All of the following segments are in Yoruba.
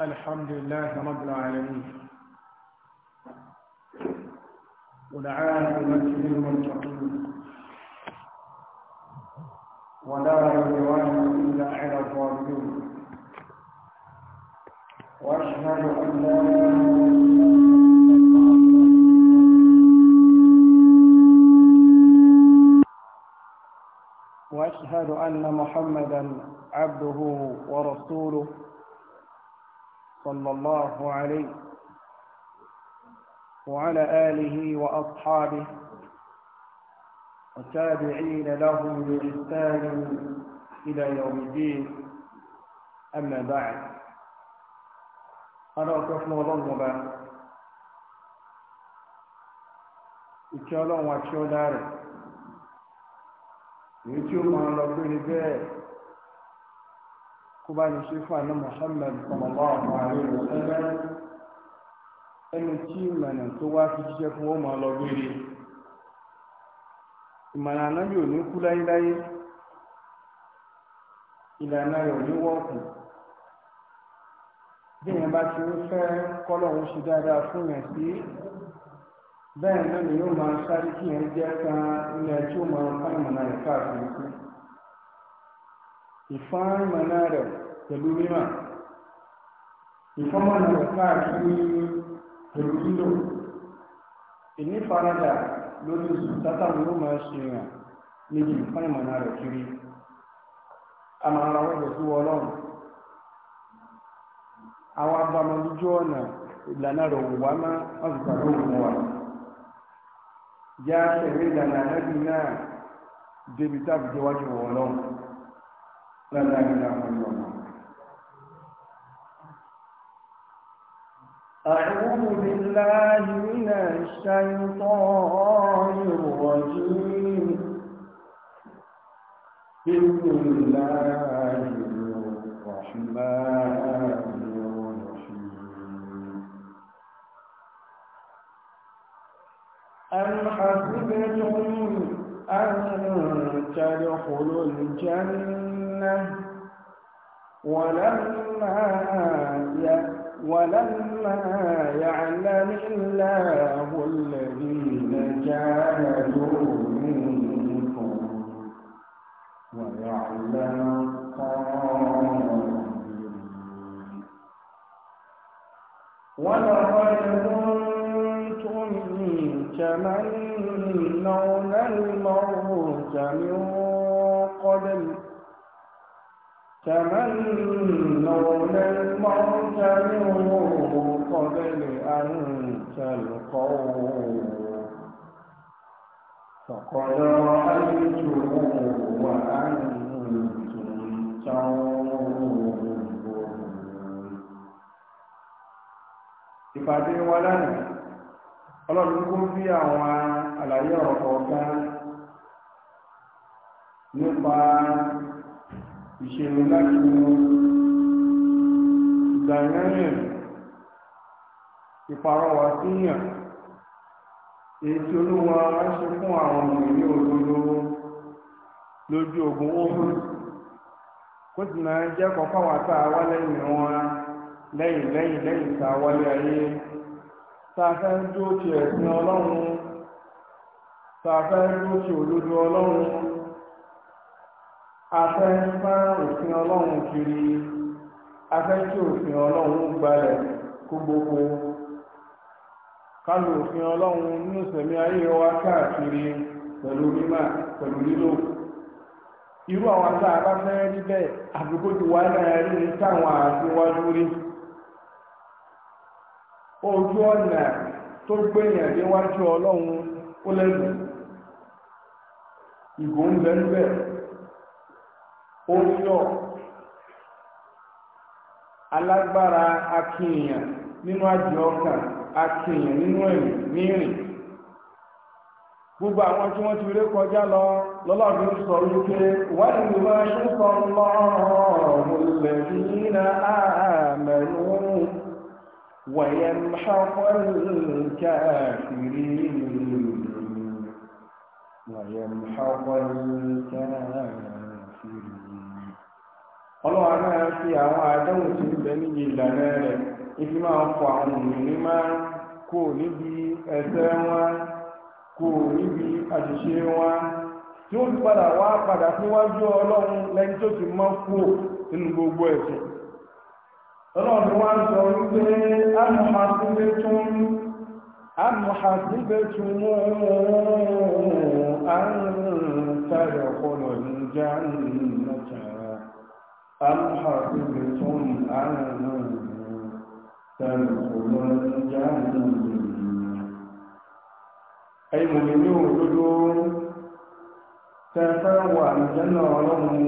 الحمد لله رب العالمين والعاقبة للمتقين ولا عدوان إلا على الظالمين وأشهد أن لا اله الا أشهد أن محمدا عبده ورسوله صلى الله عليه وعلى آله وأصحابه وتابعين لهم بإحسان إلى يوم الدين أما بعد أنا أتفنى ظلمة إن شاء الله وإن شاء الله èyí tí ó máa lọ pé ní bẹ́ẹ̀ kó bá ní ṣe fún àná Muhammad sallallahu alaihi wa sallam ẹni tí ìmọ̀nà tó wá fi jíjẹ́ fún ó máa lọ gbére ìmọ̀nà ànábì ò ní kú láyéláyé ìlànà rẹ̀ ò ní wọ́ọ̀kùn bí èèyàn bá ti ń fẹ́ kọ́lọ́hún ṣe dáadáa fún yẹn sí bẹ́ẹ̀ náà ni yóò máa sáré kí yẹn jẹ́ kan ilẹ̀ tí máa fá ìmọ̀nà rẹ̀ káàkiri sí. ìfọ́n ìmọ̀nà rẹ̀ pẹ̀lú mímọ̀ ìfọ́mọ̀nà rẹ̀ káàkiri pẹ̀lú lílò ìnífaradà lórí sátán yóò máa ṣe hàn níbi ìfọ́n ìmọ̀nà rẹ̀ kiri a máa ra wọ́pọ̀ sí ọlọ́run àwọn abamọ́lójú ọ̀nà ìlànà rẹ̀ wà máa wa. já tẹ̀lé ìlànà ànábì náà débi táàbù jẹ́ wájú wọ̀ lọ́wọ́ lálẹ́ àgbẹ̀dá àwọn ọmọ. أعوذ بالله من الشيطان الرجيم بسم الله الرحمن ربكم أن تدخلوا الجنة ولما ولما يعلم الله الذين جاهدوا منكم ويعلم القائلين ولقد منهم كمن نون الموت من قبل تمنون الموت من قبل أن تلقوه فقد رأيتموه وأنتم تنظرون ìpàdé wa lánàá ọlọ́run kún sí àwọn àlàyé ọ̀rọ̀ kọ̀ọ̀kan nípa ìṣèlú láti mú ìdàyẹ́rìn ìparọ́wà síyàn èyí tí olúwa ṣe fún àwọn lójú ogun ohun kó sì máa jẹ́ kọ́ fáwọn wọn lẹ́yìn lẹ́yìn lẹ́yìn ayé tàfẹ́ ń dúró ti ẹ̀sìn ọlọ́run tàfẹ́ ń dúró ti òdodo ọlọ́run afẹ́ ń fẹ́ òfin ọlọ́run kiri afẹ́ tí òfin ọlọ́run gbalẹ̀ kógbóko kálù òfin ọlọ́run nínú sẹ̀mí ayé wa káàkiri pẹ̀lú mímà pẹ̀lú lílò irú àwọn tá a bá fẹ́ rí bẹ́ẹ̀ ti náà rí ní ojú ọ̀nà tó gbẹ̀yìn níwájú ọlọ́run ó lẹ́nu ìgò ń bẹ níbẹ̀ alágbára akínyàn nínú àjọ ọkàn akínyàn nínú ẹ̀yìn mírìn gbogbo àwọn tí wọ́n ti rí kọjá lọ lọ́lọ́dún sọ wípé wọ́n ní wọ́n ṣe sọ lọ́rùn lẹ́yìn náà ويمحق الكافرين ويمحق الكافرين ọlọ́wọ́ náà fi àwọn àdéhùn tí ń bẹ níbi ìlànà rẹ̀ ibi máa fọ àwọn òmìnirí máa kó níbi ẹsẹ̀ wọn kó níbi àṣìṣe wọn gbogbo ọlọ́run wá sọ wípé amuhasibetun amuhasibetun àǹtàrẹ̀ ọ̀pọ̀lọ̀ níjà nìyànjára amuhasibetun àǹtàrẹ̀ ọ̀pọ̀lọ̀ níjà nìyànjára ẹ̀yìn mọ̀lẹ́ ní òdodo tẹ́fẹ́ wà níjẹ́ náà ọlọ́run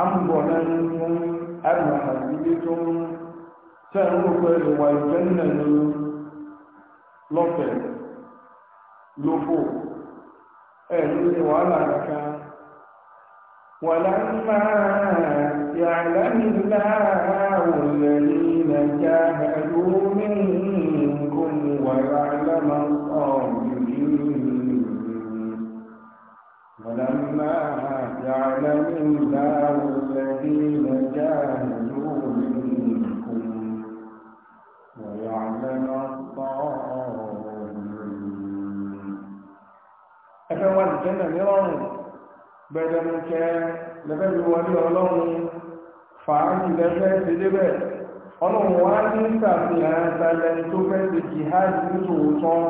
amúbọ̀lẹ́nu أم حسبتم سأنفر والجنة لطف لفو أهل ولا مكان ولما يعلم الله الذين جاهدوا منكم ويعلم الصابرين ولما يعلم الله nírọ̀rùn gbẹdẹmukẹ lẹ́fẹ́ fi wọlé ọlọ́run fàájì lẹ́fẹ́ ti débẹ̀ ọlọ́run wá ní sàfihàn talẹ́ni tó fẹ́ ṣe jihadi nítòótọ́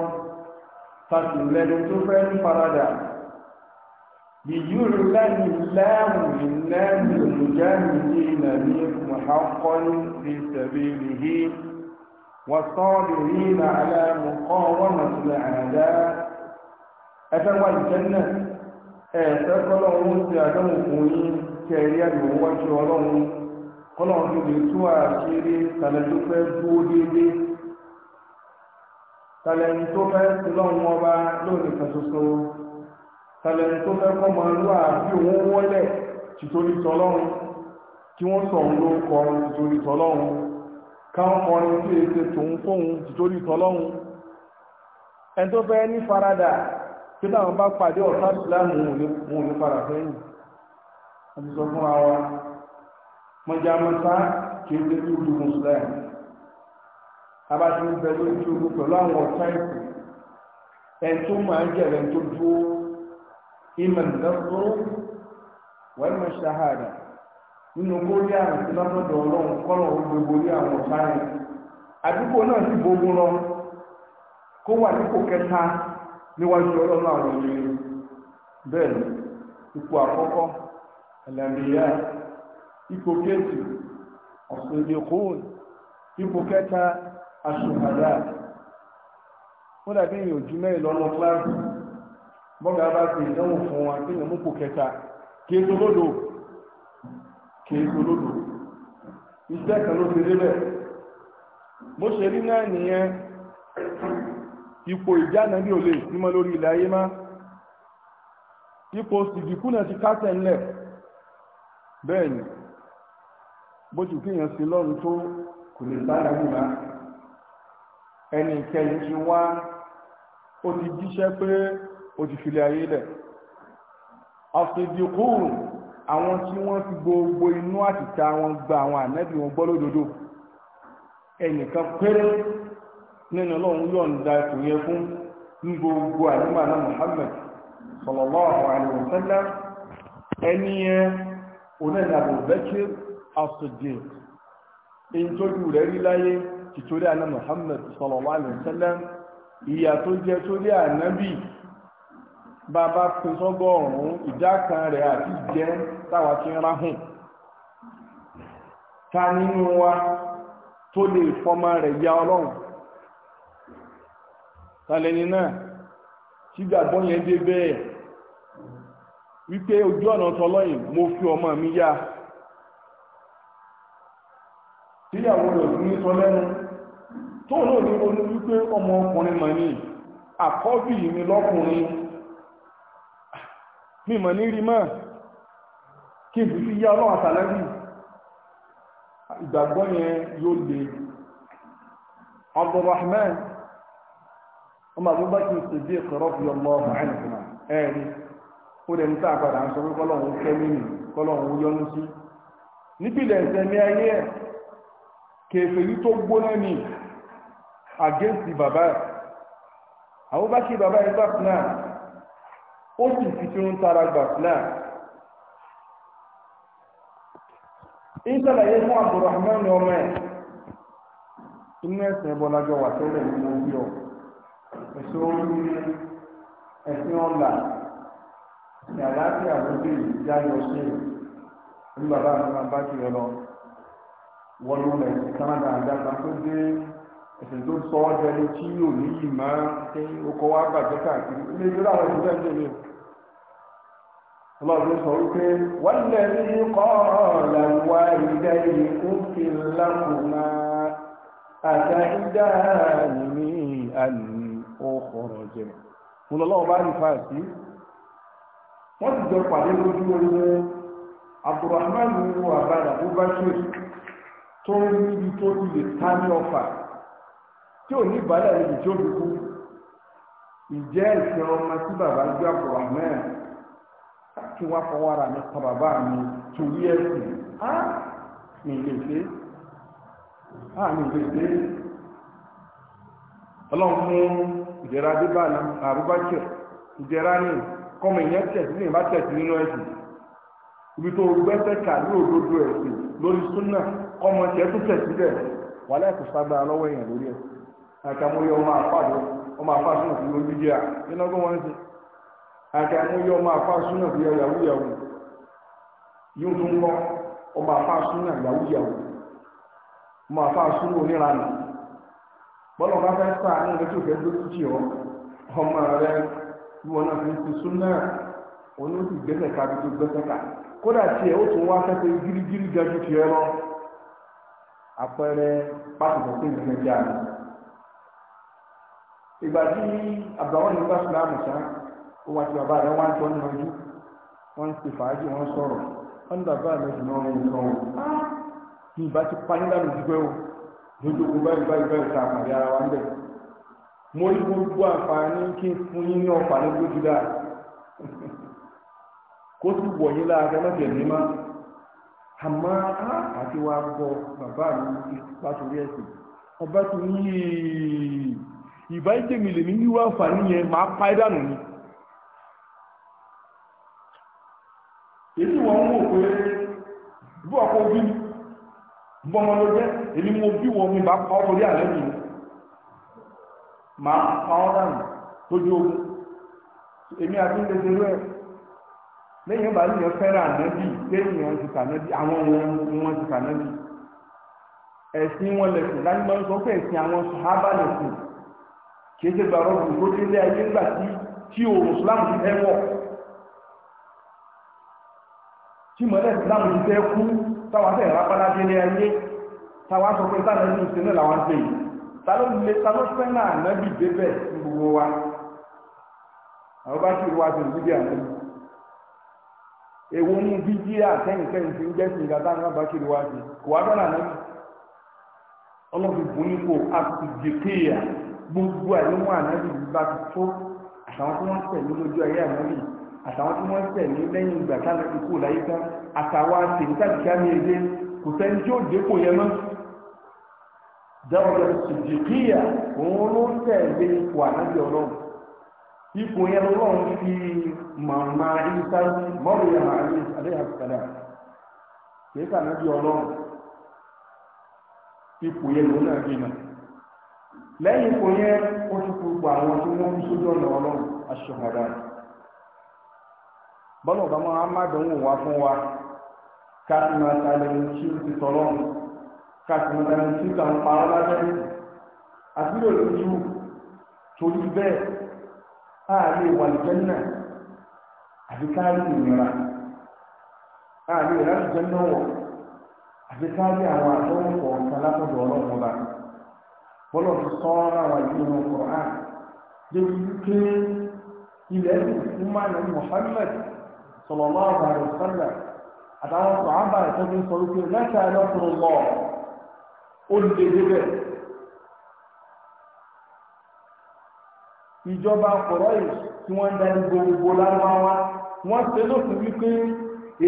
tàbí lẹ́nu tó fẹ́ ní faradà bìyúrù lẹ́yìn lẹ́rùn lẹ́rùn olùjẹ́mìí nàní mọ̀hákọ́ni ẹ̀ẹ̀fẹ́ kọ́lọ́run ti àdánwò fún yín kẹrí àdánwò ọlọ́run kọ́lọ́run lè tú àṣírí tàlẹ́tó fẹ́ dúró déédéé tàlẹ́ni tó lónìí kan ṣoṣo kọ́ máa àbí òun sọ òun ló tìtorí káwọn kọrin èsè tòun fóun tìtorí tí táwọn bá pàdé ọ̀tá ìsìláàmù wọn ò lè padà sẹ́yìn àti sọ fún wa mọ̀jàmọ́sá kìí ṣe tó ju mùsùlùmí abájú ń bẹ lórí ju pẹ̀lú àwọn ọ̀tá ìsìn ẹni tó máa ń jẹ̀rẹ̀ tó ìmọ̀ wọ́n mọ̀ ṣáhàdà nínú ọlọ́run ó gbogbo àwọn ọ̀tá àdúgbò lọ kó wà nípò níwájú ọlọ́run àwọn ènìyàn bẹ́ẹ̀ ipò àkọ́kọ́ ẹ̀lẹ́mìíyà ipò kejì ọ̀sẹ̀lẹ̀kùn ipò kẹta aṣùhàdá ó dàbí ìyìn òjú mẹ́rin lọ́nà kíláàsì bọ́gà bá fi ìdánwò fún wa tí ìyẹn múpò kẹta kìí iṣẹ́ kan ipò ìjánu bí ò lè símọ́ lórí ilẹ̀ ayé má ipò sìgìkú náà ti kásẹ̀ ńlẹ̀ bẹ́ẹ̀ bó ti fi hàn sí lọ́run tó kò lè sára ní ma ẹnì kẹyìn ti wá ó ti jíṣẹ́ pé ó ti filẹ̀ ayé lẹ̀ àṣìdìkú àwọn tí wọ́n fi gbogbo inú àtìta wọn gba àwọn ànẹ́bí wọn gbọ́ lódodo ẹnìkan péré nínú ọlọ́run yọ̀ǹda kò yẹ fún ní gbogbo àdúgbò àná Muhammad sallallahu alaihi wasallam ẹni ẹ onílẹ̀ Abubakar as-Siddiq in tójú rẹ̀ rí láyé tìtorí àná Muhammad sallallahu alaihi wasallam ìyà tó jẹ torí ànábì bàbá pín sọ́gọ́rùn-ún ìdá kan rẹ̀ àti jẹ́ táwa ti ń ráhùn ta nínú wa tó lè fọmọ rẹ̀ ya ọlọ́run tàlẹ́ni náà tí gbàgbọ́ yẹn dé bẹ́ẹ̀ wípé ojú ọ̀nà tọlọ́yìn mo fi ọmọ mi yá tíyàwó rẹ̀ ní sọ lẹ́nu tó náà ní ronú wípé ọmọ ọkùnrin mọ̀ ní àkọ́bí mi lọ́kùnrin mi mọ̀ ní rí mọ́ kí n fi yá ọlọ́run àtàlẹ́bí ìgbàgbọ́ yẹn yóò le Abdulrahman ọmọ abubakar siddiq radiyallahu anhuma ẹ̀rí ó lè ní sàgbàdà ń sọ pé kọ́lọ́hún kẹ́mínì kọ́lọ́hún yọ́nú sí nípìnlẹ̀ ìsẹ̀mí ayé ẹ̀ kèfèrí tó gbóná ní àgẹ́sì bàbá ẹ̀ abubakar bàbá ẹ̀ gbà fúnà ó sì fi tí tara gbà fúnà ìṣàlàyé fún abdulrahman ọmọ ẹ̀ inú ẹ̀sìn wà tẹ́lẹ̀ nínú ọ̀hún èso oríire ẹ̀sìn ọ̀la ní àlàáfíà lóde ìjáde ọ̀sẹ̀ ní bàbá mi máa bá kiri lọ wọ́n ló lẹ̀ sí Canada àdáta tó dé ẹ̀sìn tó sọ ọ́ jẹ́ ní tí yóò ní yìí máa ṣe oko wa bàjẹ́ káàkiri ilé ìlú àwọn ìlú bẹ́ẹ̀ lè ọlọ́run sọ wípé wọ́n lè ní kọ́ ọ̀la wá ìdá yìí kó fi lákòó máa àtàkùn dáhà nìyí àná. ọ̀rọ̀ jẹ̀ mo ọba bá rí fáà ti jọ pàdé lójú ẹgbẹ́ Abdulrahman wo àbádà bó bá ṣe tó ń níbi tó ti ta ní ọfà tí ò ní níbi tí ó fi kú ọmọ bàbá Abdulrahman kí fọwọ́ ara mi pa bàbá mi torí á mi lè ṣe á mi lè ṣe ọlọ́run fún ìdẹ̀ra bíbá àbúbákẹ́ ìdẹ̀ra ní kọ́mọ ìyẹn tẹ̀sí ní ìbá tẹ̀sí nínú ẹ̀sìn ibi tó gbẹ́sẹ̀ kà ní òdodo ẹ̀sìn lórí súnà kọ́mọ tiẹ̀ tó tẹ̀sí bẹ̀ wà kò sábà lọ́wọ́ èèyàn lórí ẹ̀ àkàmúyẹ ọmọ àfáàdé ọmọ àfáàsúnà fi lójú aka à nínú ọgbọ́n wọn ti àkàmúyẹ ọmọ yàwó yàwó tún ọmọ yàwó yàwó ọmọ bọ́lá bá fẹ́ sọ àánú rẹ tó fẹ́ dójú jì ọ́ ọmọ rẹ bí wọn náà fi ti sún náà wọn ló sì gbẹ́sẹ̀ ká bí tó gbẹ́sẹ̀ ká kódà tiẹ̀ ó tún wá sẹ́sẹ̀ gírígírí ga ju tiẹ̀ lọ àpẹẹrẹ pásítọ̀ sí ìlú nàìjíríà rẹ. ìgbà tí àbáwọn ní bá sùlámù sá òun àti bàbá rẹ wọn jọ nínú ojú wọn ń ṣe fàájì wọn sọ̀rọ̀ wọn ń sọ wọn. ní ìbá ti lójókòó báyìí báyìí báyìí ta àpàdé ara wa ń bẹ̀. mo rí gbogbo àǹfààní kí n fún yín ní ọ̀pá ní gbójú dáa kó sì wọ̀ yín láàárọ̀ lọ́jọ́ ní má àmọ́ àti wa gbọ́ bàbá mi látòrí ẹ̀sìn ọba tó ní ìbá ìjẹ̀mí lèmi wíwá àǹfààní yẹn máa pa ẹ́ ni. èyí wọ́n ń wò pé bí ọkọ̀ bí bọ́mọ èmi mo bí wọn ní bá pa ọ́ lórí àlẹ́ mi màá pa ọ́ dànù lójú ogun èmi àti ń tètè rẹ̀ lẹ́yìn ìgbà yìí yẹn fẹ́ràn ànábì lẹ́yìn wọn ti kànábì àwọn wọn ni wọn ti kànábì ẹ̀sìn wọn lẹ̀sìn láti máa ń sọ pé ẹ̀sìn àwọn sàhábà lẹ̀sìn kì ṣe gbàrọ̀ kù tó délé ayé ńgbà tí tí òòrùn islam ti fẹ́ wọ̀ tí mọ̀lẹ́ islam fẹ́ kú táwọn afẹ́ ìrápálá táwa sọ pé táwọn ẹni ìṣẹ́ làwọn ṣe yìí ta ló lè ta ló fẹ́ náà nábì débẹ̀ ní gbogbo wa àwọn bá kí wa ti rí bí àná èwo ní bíjí àtẹnìkẹyìn ti ń jẹ́sìn ìgbà táwọn bá kí wa ti kò wá fẹ́ nábì ní gbogbo àyẹ̀wò ànábì bá ti tó àtàwọn tí wọ́n lójú ayé ànábì àtàwọn tí wọ́n lẹ́yìn ìgbà táwọn láyé tán àtàwọn dẹ́wọ̀n sìdìkìyà òun ló ń tẹ̀lé ipò ànábì ọlọ́run ipò yẹn lọ́run fi màmá isa mọ́rù yàrá àlẹ́ àlẹ́ àkàdà kìí ipò yẹn lòun náà bímọ lẹ́yìn ipò yẹn ó ti kú àwọn tí wọ́n ń ọ̀nà ọlọ́run aṣọ̀hàdà bọ́lá fún wa tí ó ti tọ́lọ́run. kàtìmọ̀tàmì tí kà ń parọ́ lábẹ́rẹ́ àbúrò lójú torí bẹ́ẹ̀ ààrẹ wà lùjẹ́nà àbíkárí ìnira ààrẹ ìrẹ́lùjẹ́nà wọ̀ àbíkárí àwọn àdéhùn kọ̀ọ̀kan látọ̀dọ̀ ọlọ́run ọba bọ́lọ̀ ti sọ ọ́ láwọn ìlú wọn kọ̀ọ̀án débi wípé ilẹ̀ ó lè débẹ̀. ìjọba kọ̀rọ̀ yìí tí wọ́n ń darí gbogbo lárúbáwá wọ́n ṣe lófin wípé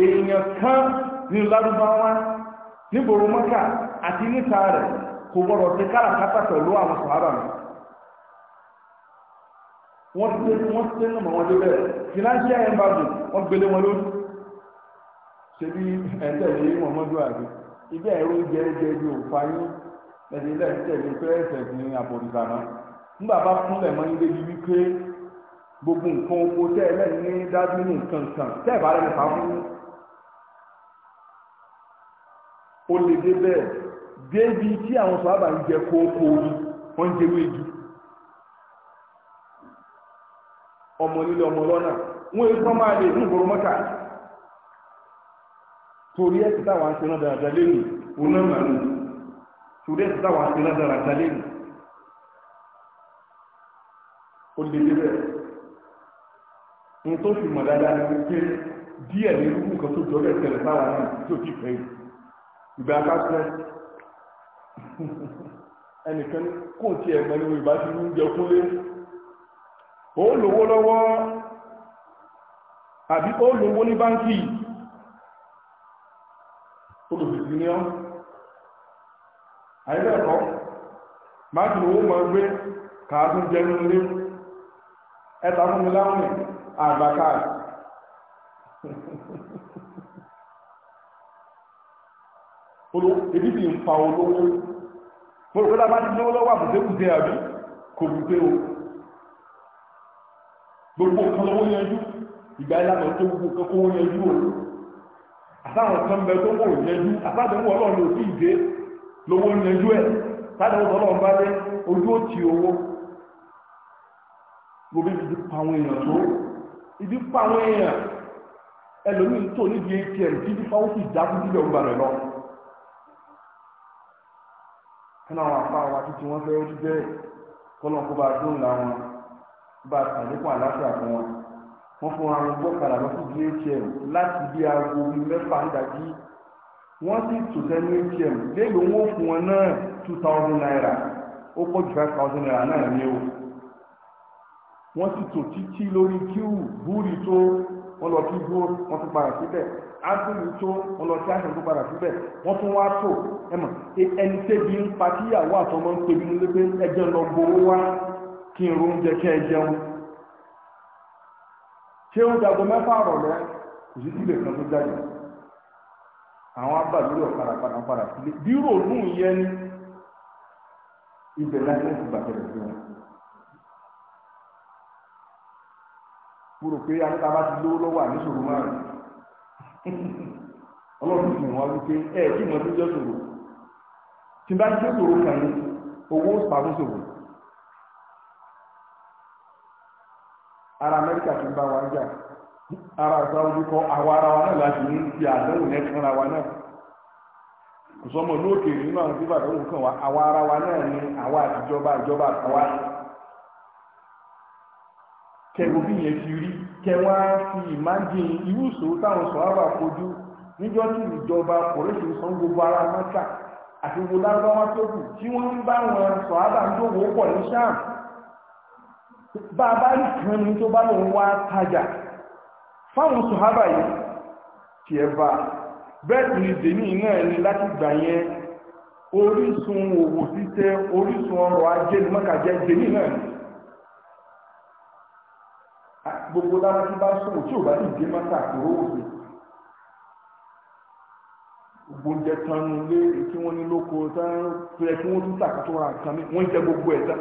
èèyàn kan ní lárúbáwá níbòrò mọ́kà àti níta rẹ̀ kò gbọ́dọ̀ ṣe káràkátà pẹ̀lú àwọn sàárà mi. wọ́n ṣe wọ́n ṣe ń mọ̀ wọ́n débẹ̀ financial embargo wọ́n gbélé wọn lórí ṣe bí ẹ̀ńtẹ̀lẹ́ mọ̀mọ́dún àgbẹ̀ ibẹ̀ ẹ̀rọ oúnjẹ oúnjẹ bí òǹfà yín lẹ́sìn ilé ẹ̀sìn tẹ̀lé pé ẹ̀sẹ̀ ní àbòrìṣà náà nígbà bá fúnlẹ̀ mọ́ ilé yìí wípé gbogbo nǹkan oko tẹ́ ẹ lẹ́yìn ní dájú ní nǹkan kan tẹ́ ẹ̀ bá rẹ̀ nípa fún ó lè dé bẹ́ẹ̀ débi tí àwọn sọ́ábà ń jẹ kókó orí wọ́n ń jẹ wéjì ọmọ nílé ọmọ lọ́nà wọ́n èso máa lè ní ìgboro mọ́kà torí ẹ̀sìn táwọn aṣọ náà dáadáa lẹ́nu oná màánu torí ẹ̀sìn táwọn aṣọ náà dáadáa lẹ́nu ó lè débẹ̀ ní tó fi mọ̀ dáadáa ní wípé díẹ̀ ní irú nǹkan tó jọ bẹ́ẹ̀ tẹ̀lé táwọn náà tó ti fẹ́ yìí ìgbà akáṣẹ́ ẹnìkan kò tiẹ̀ mọ́ nínú ìbá ti ń jẹ kúnlé ó lówó lọ́wọ́ àbí ó lówó ní báńkì yìí mùsùlùmí ni ọ́ àyẹ̀bẹ̀ ẹ̀kọ́ máa tún owó mọ̀ gbé kàátún jẹ́ nínú ilé ẹ̀ta fún mi láwọn àgbà káàdì ebi bi nfa olówó mo rò pé lábá ti lówó lọ́wọ́ àbùdékùdé àbí kò bùdé o gbogbo nǹkan lówó yanjú ìgbà ìlànà tó gbogbo nǹkan kówó yanjú o àtàwọn kan bẹ tó kò yẹjú àtàdéwò ọlọ́run ló sì dé lówó yẹjú ẹ̀ tàdéwò ọlọ́run bá dé ojú ó ti owó gbogbo ibi pa àwọn èèyàn tó ibi pa àwọn èèyàn ẹlòmíín tó níbi atm tí ibi fáwọn sì dá fún bílíọ̀nù gbàrẹ̀ lọ ẹnà àwọn àpá wa títí wọn fẹ́ rí bẹ́ẹ̀ kọ́lọ́n kó bá dóńlá wọn bá tàbí kó àlàáfíà fún wọn wọ́n fún àwọn gbọ́kàlà lọ sí atm láti bí aago bíi mẹ́fà nídàjí wọ́n sì tò sẹ́nu atm léèlò wọn fún wọn náà two thousand naira ó pọ̀ ju five thousand naira náà ní o wọ́n sì tò títí lórí kíw búrì tó wọ́n lọ kí dúró wọ́n tún padà síbẹ̀ ásìlì tó wọ́n lọ sí àṣẹ tó padà síbẹ̀ wọ́n tún wá tò ẹ̀mọ̀ e, ẹni tẹ́bi ń pa kíyàwó àtọmọ́ ń pebi nílé pé ẹjẹ́ lọ gbowó wá kí n ro oúnjẹ kẹ́ ẹ jẹun ṣé ó dago mẹ́fà rọ̀lẹ́ kò sí síbẹ̀ kan tó jáde àwọn abàlúwẹ̀ ọ̀kadà padà padà sílé bírò nù yẹn ní ibẹ̀ láti ti bàtẹ̀rẹ̀ sí wọn. mo rò pé anúta bá ti lówó lọ́wọ́ àníṣòro márùn-ún ọlọ́run ti wọ́n wípé ẹ kí jẹ́ sòrò tí bá ti jẹ́ sòrò kàn yín owó pàmò sòrò. ara amẹ́ríkà ti ń bá wa jà ara sáwọ́dí kọ́ àwa ara wa náà láti ní ti àdánwò yẹn wa náà kò sọmọ ní òkèèrè nínú àwọn kàn wá àwa ara wa náà ni àwa àtijọba ìjọba àtàwa kẹwò bí yẹn ti rí fi ìmájìn irú ìṣòro táwọn sọ̀rọ̀ àfojú níjọ́ tí ìjọba san gbogbo ara bá a bá rí kan ní tó bá lòun wá tajà fáwọn sọ̀hábà yìí tí ẹ bá bẹ́ẹ̀ sì ni dèmí náà ni láti gbà yẹn orísun òwò títẹ orísun ọrọ̀ ajé ni mọ́kàjẹ́ dèmí náà ni gbogbo lára tí bá sọ̀rọ̀ tí ò bá sì dé mọ́kà kò rówó sí gbogbo jẹ tanu lé tí wọ́n ní lóko tán tó yẹ wọ́n tún tàkàtọ́ ra nǹkan mi wọ́n jẹ gbogbo ẹ̀ tán.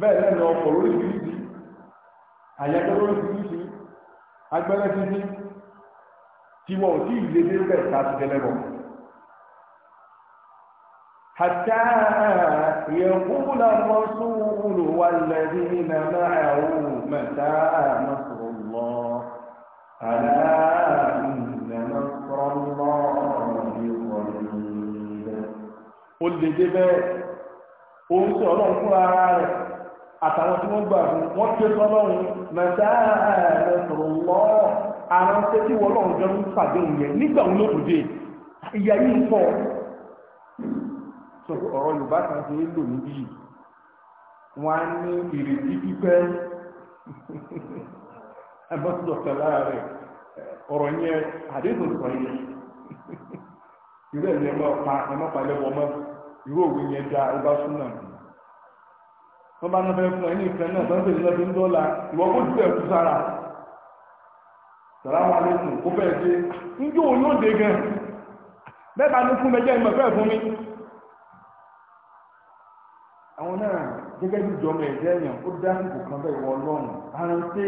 bẹ́ẹ̀ lẹ́nu ọkọ̀ oríṣiríṣi àyàgbẹ́ oríṣiríṣi agbẹ́rẹ́ títí tí wọn tí ì lè dé bẹ́ẹ̀ ká ti tẹ́lẹ̀ bọ̀. حتى يقول الرسول والذين معه متى نصر الله àtàwọn tí wọ́n gbà fún wọ́n ké sọ́lọ́run mẹ́ta ẹ̀ẹ́dẹ̀sọ̀rọ̀ lọ́ àwọn tẹ́ tí wọ́n lọ́run jọ ń pàdé òun yẹn nígbà òun ló dùde ìyá yìí ń pọ̀ so ọ̀rọ̀ Yorùbá kan ṣe é lò níbí yìí wọ́n á ní ìrètí pípẹ́ ẹgbẹ́sọ̀tọ̀ lára rẹ̀ ọ̀rọ̀ yẹn àdéhùn sọ yẹn irú ẹ̀yẹ mọ́ pa ẹ̀mọ́palẹ́wọ̀ mọ́ irú òwe yẹn dá ọba súnà wọ́n bá náà fẹ́ fún ẹni ìfẹ́ náà sọ́dọ̀ ìlú ọdún dọ́là ìwọ́n kó ju ẹ̀kú sára sàlámù alékùn kó fẹ́ ṣe ń jó òun fún ìmọ̀ fẹ́ fún mi. àwọn náà gẹ́gẹ́ bí ìjọba ẹ̀jẹ̀ èèyàn ó dá kan bẹ́ẹ̀ wọ ọlọ́run àrántí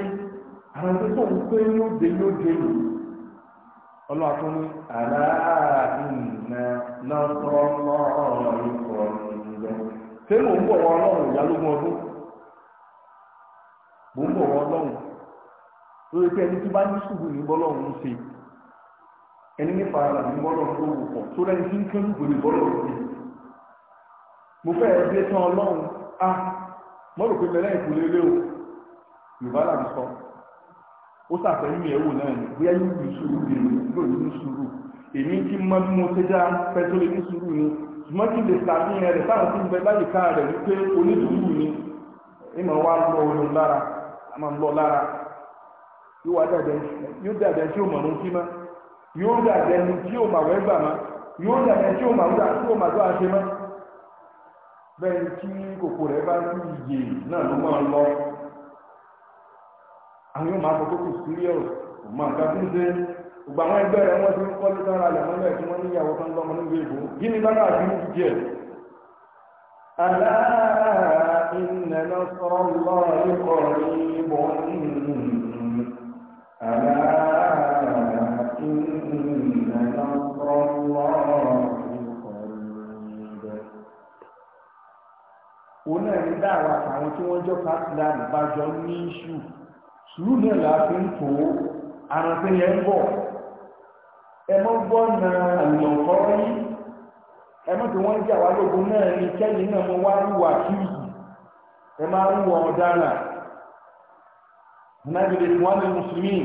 àrántí tó ń pé yóò dé yóò dé lò ọlọ́run àlàáfíà ṣé mò ń bọ̀ wọ ọlọ́run ìyálógún ọdún mò ń bọ̀ wọ ọlọ́run lórí pé ẹni tí bá ní sùúrù ní bọ́lọ́run ń ṣe ẹni ní farada ní bọ́lọ́run tó wù pọ̀ tó lẹ́ni tí ń kí ń gbòdì bọ́lọ́run ṣe mo fẹ́ ẹ dé tán ọlọ́run á ah, mọ́rò pé mẹ́lẹ́ ìkúlé lé o yorùbá là ń sọ ó sàfẹ́yìn mi ẹ̀wò náà ni bóyá yóò ní sùúrù ní lóòrùn ní sùúrù èmi ti mọ bí mo ṣe dá pẹ́ tó lè ní sùúrù ni ṣùgbọ́n kí lè ṣàfihàn rẹ̀ sáà sí ibẹ̀ láyìíká rẹ̀ wípé onídùúrù ni ìmọ̀ wa lọ orin lára a máa ń lọ lára yóò dàbẹ̀ tí ó mọ̀ ní kí má yóò dàbẹ̀ ní tí ó mà wẹ́ má yóò dàbẹ̀ tí ó mà wúdà tí ó mà tó àṣẹ má bẹ́ẹ̀ tí kòkò rẹ̀ bá ní ìyè náà ló máa lọ àwọn yóò máa sírí ẹ̀rọ máa gbogbo àwọn ẹgbẹ́ rẹ̀ wọ́n ti ń kọ́lé sára lẹ̀ mọ́lẹ̀ tí wọ́n níyàwó tó ń lọ́mọ nílùú èbó kí ni lọ́nà àti níbi díẹ̀. alá inna nasrallahi qaribun alá inna nasrallahi qaribun. òun náà ní dáàwà àwọn tí wọ́n jọ pàṣílánì bá jọ ní iṣu sùúrù náà láti ń tó àrùn tó yẹ ń bọ̀. ẹ mọ gbọ́ na àlùmọ̀kọ́ yín ẹ mọ tí wọ́n jẹ́ àwa lógun náà ní kẹ́yìn náà mo wá wíwà kíyì ẹ máa ń wọ ọ̀daràn nàbìlẹ̀ tí wọ́n ní mùsùlùmí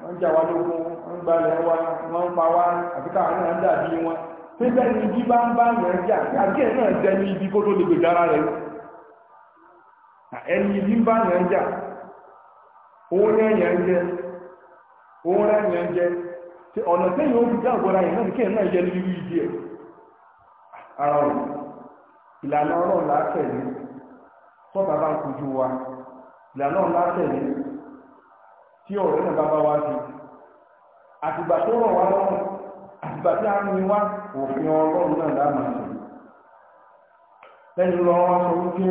wọ́n jẹ́ àwa lógun wọ́n gbalẹ̀ wa wọ́n pa wa àti káwọn náà ń dàbí wọn ni bá ń bá yẹn náà jẹ́ ní ibi kó tó lè òun rẹ̀ yẹn jẹ́ tí ọ̀nà tí yóò fi dáàbòrà yẹn náà kéèyàn náà yẹ ní irú ìdí ara ọ̀nà ìlànà ọlọ́run látẹ̀lé tọ́ba bá ń kojú wa ìlànà ọ̀nà látẹ̀lé tí ọ̀rẹ́ náà bá wá sí àtìgbà tó rọ̀ wá lọ́rùn àtìgbà tí a ń wá òfin ọlọ́run náà sí lẹ́yìn lọ́wọ́ sọ wípé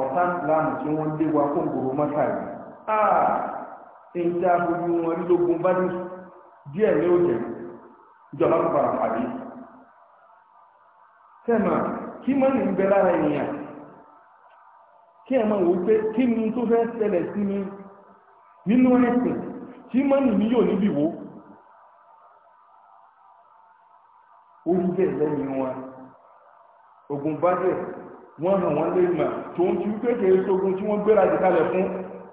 ọ̀tá láàmù tí wọ́n dé wa fún gbòòrò mọ́tà yìí ah, a ń dá gbogbo wọn lógun bá ní díẹ̀ ní òjẹ̀ ìjọba tó fara pàdé sẹ́mà kí mọ́nì ń bẹ lára ènìyàn kí ẹ̀ máa wò ó pé kí ni tó fẹ́ ṣẹlẹ̀ sí mi nínú ẹ̀sìn tí mọ́nì mi yóò níbi wò ó rí bẹ́ẹ̀ lẹ́yìn wọn ogun bá bẹ́ẹ̀ wọ́n hàn wọ́n lè mà tòun ti kékeré tí wọ́n gbéra jù kalẹ̀ fún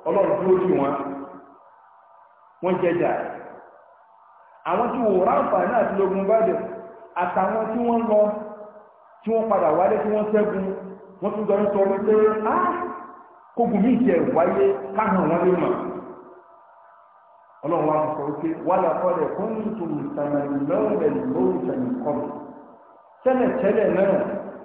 ọlọ́run tó di wọn wọ́n jẹjà àwọn tí wò ráǹfààní àti lógun bàjẹ́ àtàwọn tí wọ́n lọ tí wọ́n padà wálé tí wọ́n ṣẹ́gun wọ́n tún sọ á mí jẹ wáyé káhàn mà wa sọ pé wàlá kọ́lẹ̀ kó ń tún ìtàmì lọ́rẹ̀ lórí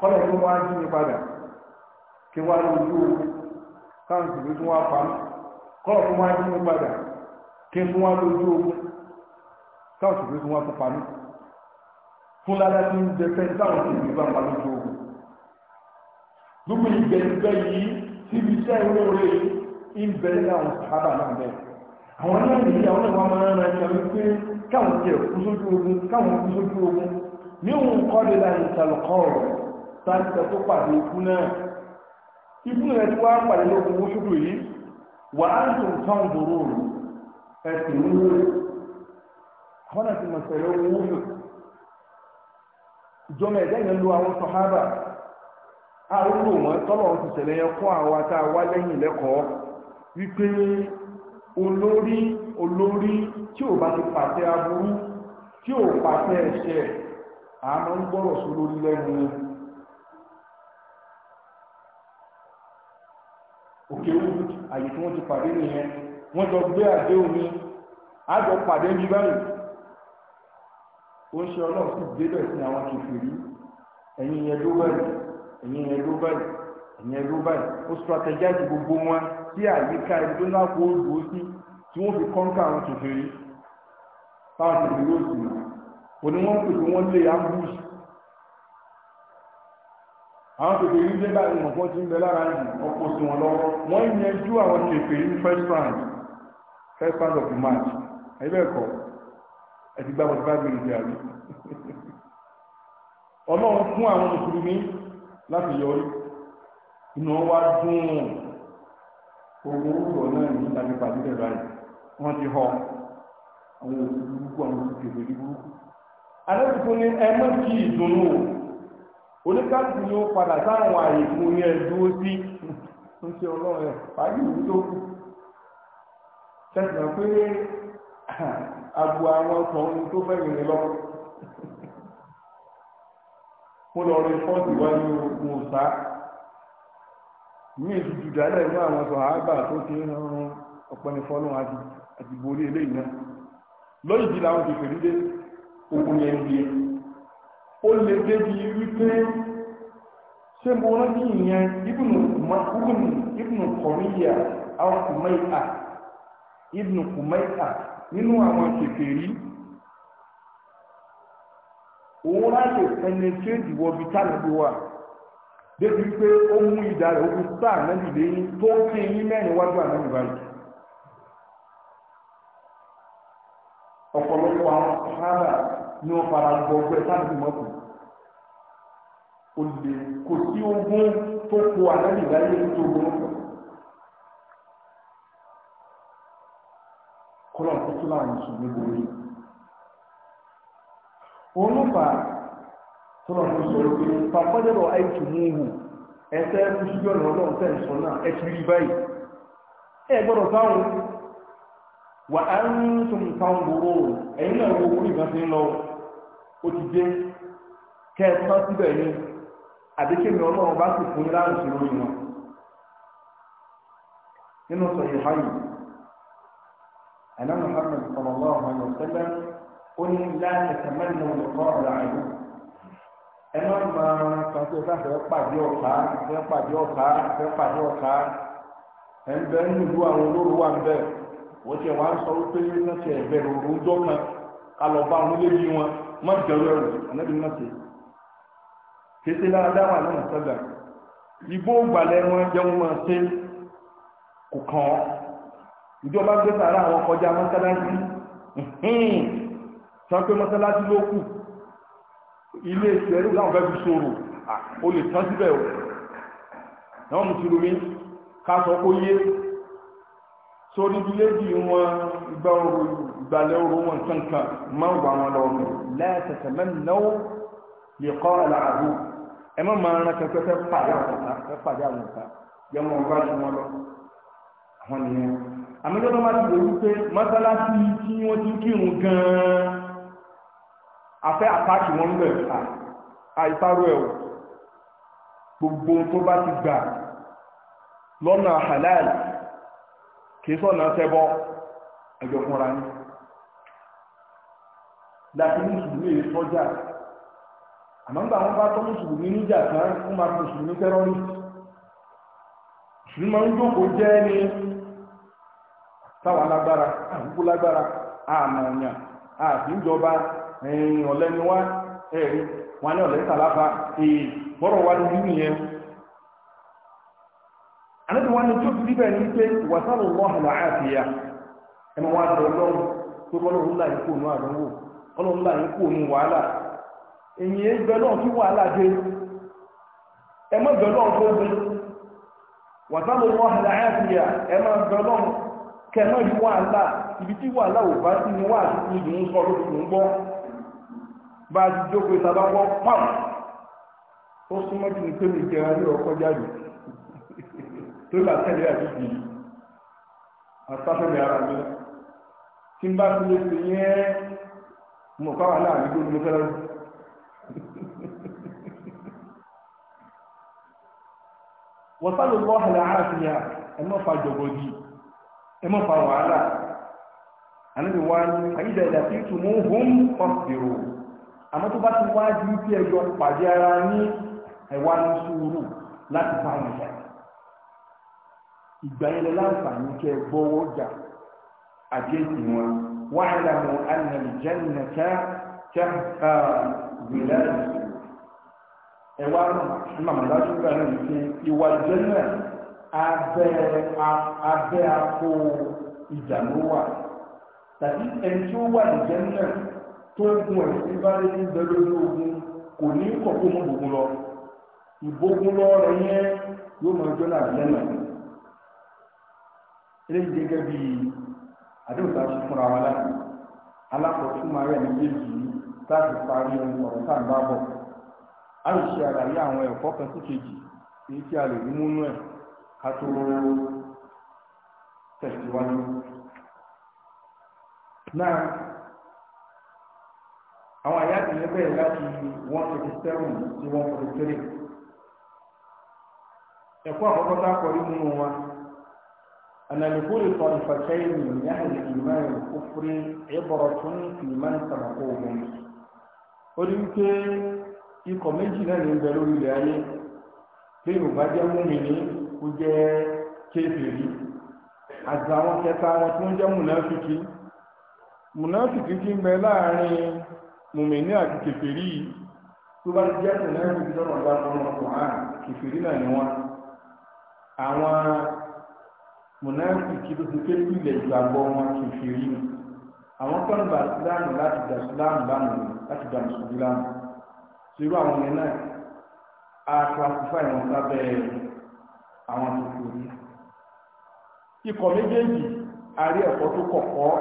kọ́lẹ̀ tó wá jí mi padà kí wá lójú o káàǹtì ló tún wá pa mí kọ́lẹ̀ tó wá jí mi padà kí n tún wá lójú o káàǹtì ló tún wá pa mí fún ládá tí ń jẹ fẹ́ táwọn tó ìgbà pa lójú o lópin ìgbẹ́gbẹ́ yìí síbi iṣẹ́ olóore yìí ń bẹ láwọn sábà náà bẹ́ẹ̀ àwọn náà nìyí àwọn náà máa ń rán ẹni pé káwọn jẹ kú ogun káwọn kú ogun ní òun kọ́ lè láyé ìtàlùkọ́ rẹ̀ sáńtẹ to pàdé ikú náà ikú rẹ̀ tí pàdé lókun wúṣúdù yìí wà á tún tán dòrò ẹ̀sìn ń àwọn àti mọ̀sẹ̀lẹ̀ wúlò ìjọba ẹ̀dá lu àwọn sọ̀hábà wọn tọ́lọ̀ ti ṣẹlẹ̀ yẹn àwọn ata wá lẹ́yìn lẹ́kọ̀ọ́ wípé olórí olórí tí ò bá ti pàṣẹ aburú tí ò pàṣẹ àmọ́ ń gbọ́rọ̀ sólórí lẹ́nu òkèwú àyè tí wọ́n ti pàdé nìyẹn wọ́n jọ gbé àdéhùn ní àjọ pàdé ní báyìí ó ń ṣe ọlọ́run sì débẹ̀ sí àwọn kìfìrí ẹ̀yin yẹn ló báyìí ẹ̀yin yẹn ló báyìí ẹ̀yin yẹn ló báyìí ó strategize gbogbo wọn sí àyíká ibi tó náà kó lù ú sí tí wọ́n fi kọ́ńkà àwọn kìfìrí táwọn kìfìrí ó sì mọ̀ òní wọ́n pè pé wọ́n lé ambush àwọn pèpè yìí dé báyìí nǹkan tí ń bẹ lára yìí ọkọ̀ sí wọn lọ́wọ́ wọ́n yanjú àwọn pèpè yìí first round first round of the match ẹ̀yìn ẹ̀kọ́ ẹ̀dí gbàgbọ́ ti bá gbé ìdí àlè ọlọ́run fún àwọn mùsùlùmí láti yọrí iná wá dùn owó ọ̀rọ̀ náà ní ìlànà ìpàdé rẹ̀ báyìí wọ́n ti họ àwọn òṣèlú burúkú àwọn òṣèlú burúkú alẹ́ tuntun ni ẹ mọ́ kí ìdùnnú o oníkàtí ni ó padà sáwọn àyè fún ní ẹ̀dúró sí ń ṣe ọlọ́run ẹ̀ fàájì ìlú tó kù tẹ̀sán pé agbo àwọn ọkùnrin tó fẹ́ rìn lọ mo lọ rí fọ́ọ̀tì wáyé ogun ọ̀sá ní ètùtù dálẹ̀ ní àwọn ọ̀sán àgbà tó ti ń rún ọ̀pẹ́ni fọ́nù àti borí eléyìí náà lóyìí làwọn ti pèlú dé ogun yẹn ń bíi ó de débi wípé ṣé mo rántí ìyẹn ibùnú ibùnú ibùnú kọ̀ríyà àwọn kùmẹ́ta ibùnú kùmẹ́ta nínú àwọn kèfèrí òun láyè pẹnẹtírèdì wọ bíi tálẹ́bí wà débi pé àwọn ni wọ́n fara gbọ́ ọgbẹ́ olè kò sí ogún tó kó àdáni ìdáyé tó gbọ́ mọ́tò. kọ́lọ̀ tó tún láwọn mùsùlùmí borí. òun ló fà tọ́lọ̀ tó sọ̀rọ̀ pé pàpọ́jọ́rọ̀ àìtù mú hù ẹsẹ̀ kùsùjọ́rọ̀ ọlọ́run tẹ̀ sọ náà rí báyìí. ẹ wà á ń tún otu ti dé kẹ́ ẹ tán síbẹ̀ ni àdékèmí ọlọ́run bá sì fún yín láàrín sí lórí wọn nínú sọ̀yìn ìháyì àná Muhammad sallallahu alaihi wasallam ó ní láti tẹ̀mẹ́lì olùkọ́ ọ̀rọ̀ àìlú máa pàdé pàdé pàdé nílùú àwọn olóró wà wọ́n ti má dẹrù ẹrù ànábì má ṣe kété lára dáwà náà sọgbà ìbò gbalẹ̀ wọn jẹun máa ṣe kò kàn ọ́ ìjọba gbé sàrà àwọn kọjá mọ́sálásí sọ pé mọ́sálásí ló kù ilé ìṣẹ́rù láwọn fẹ́ fi ṣòro o lè tán síbẹ̀ o náà mùsùlùmí ká sọ kó yé sórí ilé bí wọn ìgbà ooru ìgbàlẹ̀ ooru wọn kankan máa ń wà wọn lọ mọ̀ lẹ́ẹ̀tẹ̀tẹ̀ mẹ́nàwó lè kọ́ ọ̀la àbú ẹ má máa rán kẹfẹ́ fẹ́ pàdé àwọn ọ̀tá fẹ́ pàdé àwọn ọ̀tá yẹ wọn bá ti wọn lọ àwọn nìyẹn àmọ́jọ́ tó ti wò wípé mọ́sálásí tí wọ́n ti kírun gan-an afẹ́ àpáàkì wọn bẹ̀ àìsáró ẹ̀wọ̀ gbogbo tó bá ti gbà lọ́nà halal kì í sọ̀nà sẹ́bọ̀ ẹjọ́ fúnra yín láti mùsùlùmí èyí tọ́jà àmọ́ nígbà wọn bá tọ́ mùsùlùmí níjà tán wọ́n máa fi mùsùlùmí tẹ́rọ́rì mùsùlùmí máa ń jókòó jẹ́ ni táwa lágbára àdúgbò lágbára àmọ̀ọ̀yàn àbíjọba ẹ̀yìn ọ̀lẹ́ni wá ẹ̀rí wọn ní ọ̀lẹ́ èyí bọ́rọ̀ wá ní nínú yẹn wọn ni tó fi ẹ máa wá dọ̀ ọlọ́run pé kọ́lọ́run là yín kò àdánwò kọ́lọ́run là yín kò wàhálà èyí ẹ gbẹ náà kí wàhálà dé ẹ má gbẹ náà ibi tí wàhálà ò bá sí ni ti fi ìdùnnú sọ ló fi ń gbọ́ bá a ti jókòó ìsàbá gbọ́ pàm ó súnmọ́ tí n bá fi lè fi yẹn mọ̀ káwa láàrin gbogbo fẹ́rẹ́ wọ́sálù bọ́ àlẹ́ ara fi ya ẹ mọ́ fa jọ̀gọ̀dì ẹ mọ́ fa wàhálà àníbi wá ní àyíjà ìdá tí tù mú hùm ọ̀sìrò àmọ́ tó bá ti wá di tí ẹjọ́ pàdé ara ní ẹ̀wá ní sùúrù láti bá wọn jà ìgbà yẹn lọ láǹfààní kẹ gbọ́wọ́ jà àjẹ́sì wọn wa'lamu anna al-jannata tahta zilal ẹ̀wá màmúdájú gbà náà wípé ìwà ìjẹ́nà abẹ́ akó ìdààmú wà tàbí ẹni tí ó wà ìjẹ́nà tó gun ẹ̀sìn bá lé ní bẹ́ẹ̀ lórí ogun kò ní kọ̀ọ̀kọ́ mọ́ gbogbo lọ ìgbógun lọ́rọ̀ yẹn yóò mọ ẹjọ́ náà lẹ́nà eléyìí gẹ́gẹ́ bíi àdéhùn tá a ti fúnra wa láti alákọ̀ọ́túnmá rẹ̀ méjèèjì yìí láti parí ohun tá a lè ṣe àlàyé àwọn ẹ̀kọ́ kan sí kejì èyí tí a lè rí múnú ẹ̀ ká tó tẹ̀síwájú. náà àwọn àyà ti láti one seven sí one forty three ẹ̀kọ́ àkọ́kọ́ tá a kọ́ wa. أن لكل طائفتين من أهل الإيمان والكفر عبرة في من سبقوهم ó ní wípé ikọ̀ méjì náà ní bẹ lórí ilẹ̀ ayé bí yorùbá jẹ́ múmìnì kó jẹ́ kébìrì àti àwọn kẹta wọn tó ń jẹ́ mùnáfìkì mùnáfìkì ti ń keferi láàrin mùnáfíkì tó ti pé kú ilẹ̀ ìgbàgbọ́ wọn kì í fi rí mi àwọn kan gba síláàmù láti gba síláàmù lánàá láti gba mùsùlùmí lánàá tó irú àwọn yẹn náà a classify wọn lábẹ́ àwọn rí ikọ̀ méjèèjì a rí ẹ̀kọ́ tó kọ̀kọ́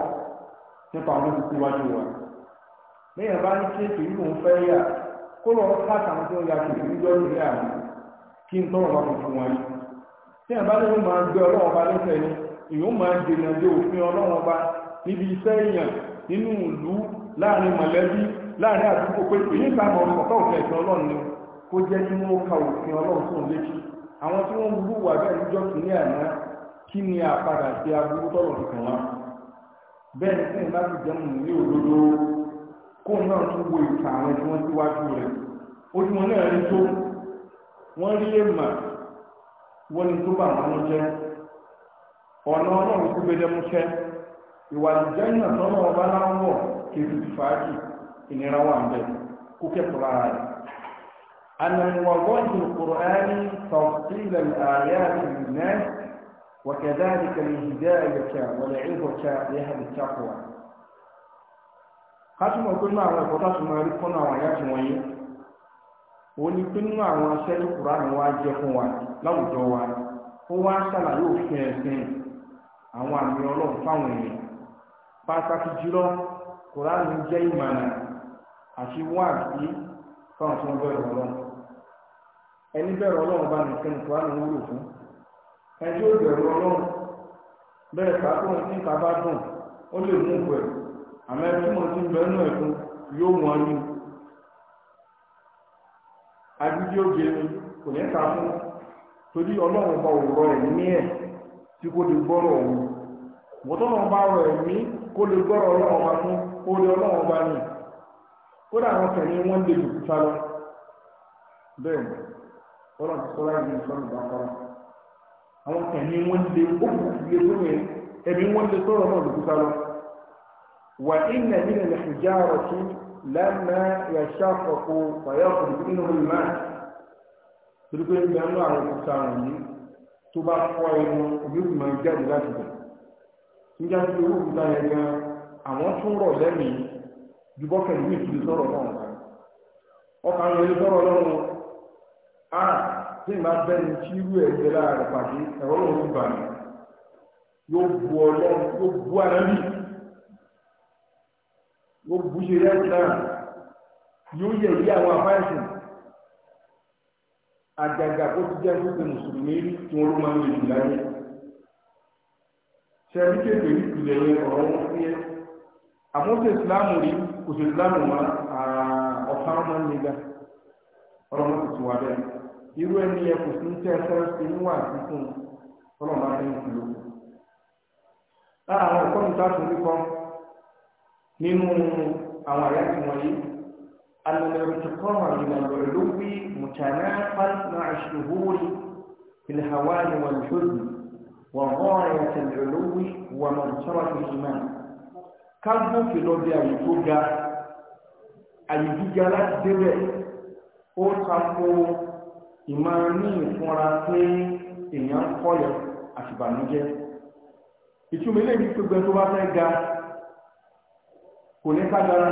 nípa àwọn wa lẹ́yìn bá ní fẹ́ yà ya kí n tọ́rọ̀ tí àbá ní wọn máa gbé ọlọ́wọ́n ba lẹ́sẹ̀ ni ìyóò máa dènà dé òfin ọlọ́wọ́n ba níbi iṣẹ́ èèyàn nínú ìlú láàrin mọ̀lẹ́bí láàrin àdúgbò pé èyí ń sàmọ̀ ọ̀tọ̀ òfin ẹ̀sìn ọlọ́run ni kó jẹ́ kí wọ́n ka òfin ọlọ́run fún létí àwọn tí wọ́n wúwo wà bẹ́ẹ̀ níjọ́ sí ní àná kí ni àpadà sí aburú tọ́lọ̀ tuntun wa bẹ́ẹ̀ ni sẹ́yìn láti jẹun ní òdodo kó náà tún wo ìta àwọn tí wọ́n síwájú rẹ̀ ó náà rí tó wọ́n rí èèmà wọ́n ní tó bá wọn jẹ́ ọ̀nà ọlọ́run tó gbẹdẹ mú ṣẹ́ ìwà ìjẹ́yìn àtọ́nà ọba láwọ̀ kejì fàájì ìnira wà bẹ́ẹ̀ kó kẹ́kọ̀ọ́ lára rẹ̀. أن الموضوع القرآني تفصيل الآيات للناس وكذلك لهداية ولعظك لأهل التقوى. kásùmọ̀ pé nínú àwọn ẹ̀kọ́ tásùmọ̀ rí kọ́nà àwọn àyájú wọ̀nyí òun ni pé nínú àwọn aṣẹ́ ní láwùjọ wa ó wá ṣàlàyé òfin ẹ̀sìn àwọn àmì ọlọ́run fáwọn èèyàn pàtàkì jùlọ kòránì jẹ́ ìmọ̀nà àti wáàbí fáwọn tó ń bẹ̀rù ọlọ́run ẹni bẹ̀rù ọlọ́run bá nìkan ní kòránì wúlò fún ẹni ó ọlọ́run bẹ́ẹ̀ sàkóhun tí ìta bá dùn ó lè mú ìwẹ̀ àmọ́ mo ti torí ọlọ́run bá òrọ̀ ẹ̀mí ẹ̀ tí kò lè gbọ́rọ̀ ọ̀hún wọ́tọ́lọ́run bá rọ̀ ẹ̀mí kó lè gbọ́rọ̀ ọlọ́run bá mú kó lè ọlọ́run bá nì kódà àwọn kẹrin wọn lè dùkú sá lọ bẹ́ẹ̀ ọlọ́run ti sọ́lá yìí sọ́nù bá fara àwọn kẹrin wọn lè ó kù lè tó ẹ̀mí wọn lè sọ̀rọ̀ náà dùkú sá lọ torí pé ìgbà ńlá àwọn òkúta wọ̀nyí tó bá fọ́ ẹnu omi òkú máa láti bẹ̀ nígbà tí owó òkúta yẹn gan àwọn tún rọ̀ lẹ́mìí ju bọ́kẹ̀lì ní ìtúlẹ̀ sọ̀rọ̀ náà wà ọkà ń lọlé sọ̀rọ̀ lọ́rùn a tí ìgbà bẹ́ni tí irú ẹ̀ jẹ́ láàrin pàdé ẹ̀rọ lòun ń bà mí yóò bu ọlọ́run yóò bu arábì yóò bu ṣe yẹn náà yóò yẹ̀ yí àwọn afáìsìn àjàgà bó ti jẹ́ pípé mùsùlùmí tí wọ́n ló máa ń lè jù láyé sẹ́ẹ̀rí kéèké ìpìlẹ̀ yẹn ọ̀rọ̀ wọn sí ẹ́ àmọ́sẹ̀ ìsìláàmù rí kò sí ìsìláàmù wọn ọ̀tá ọmọ nígbà ọ̀rọ̀ wọn sì wà bẹ́ẹ̀ irú ẹni yẹn kò sí ń tẹ́ ẹsẹ́ sí níwà tuntun ọ̀rọ̀ wọn ń أن الارتقاء من العلو متناقض مع الشهور في الهوان والحزن وغاية العلو ومنصرة الإيمان كذب في لوبيا يتوجا àyíjíjà láti débẹ̀ ó tako ìmáa ní ìfúnra pé èèyàn kọ́yọ̀ àti ìbànújẹ́ ìtumọ̀ ilé ìgbésẹ̀ tó bá fẹ́ ga kò ní ká dára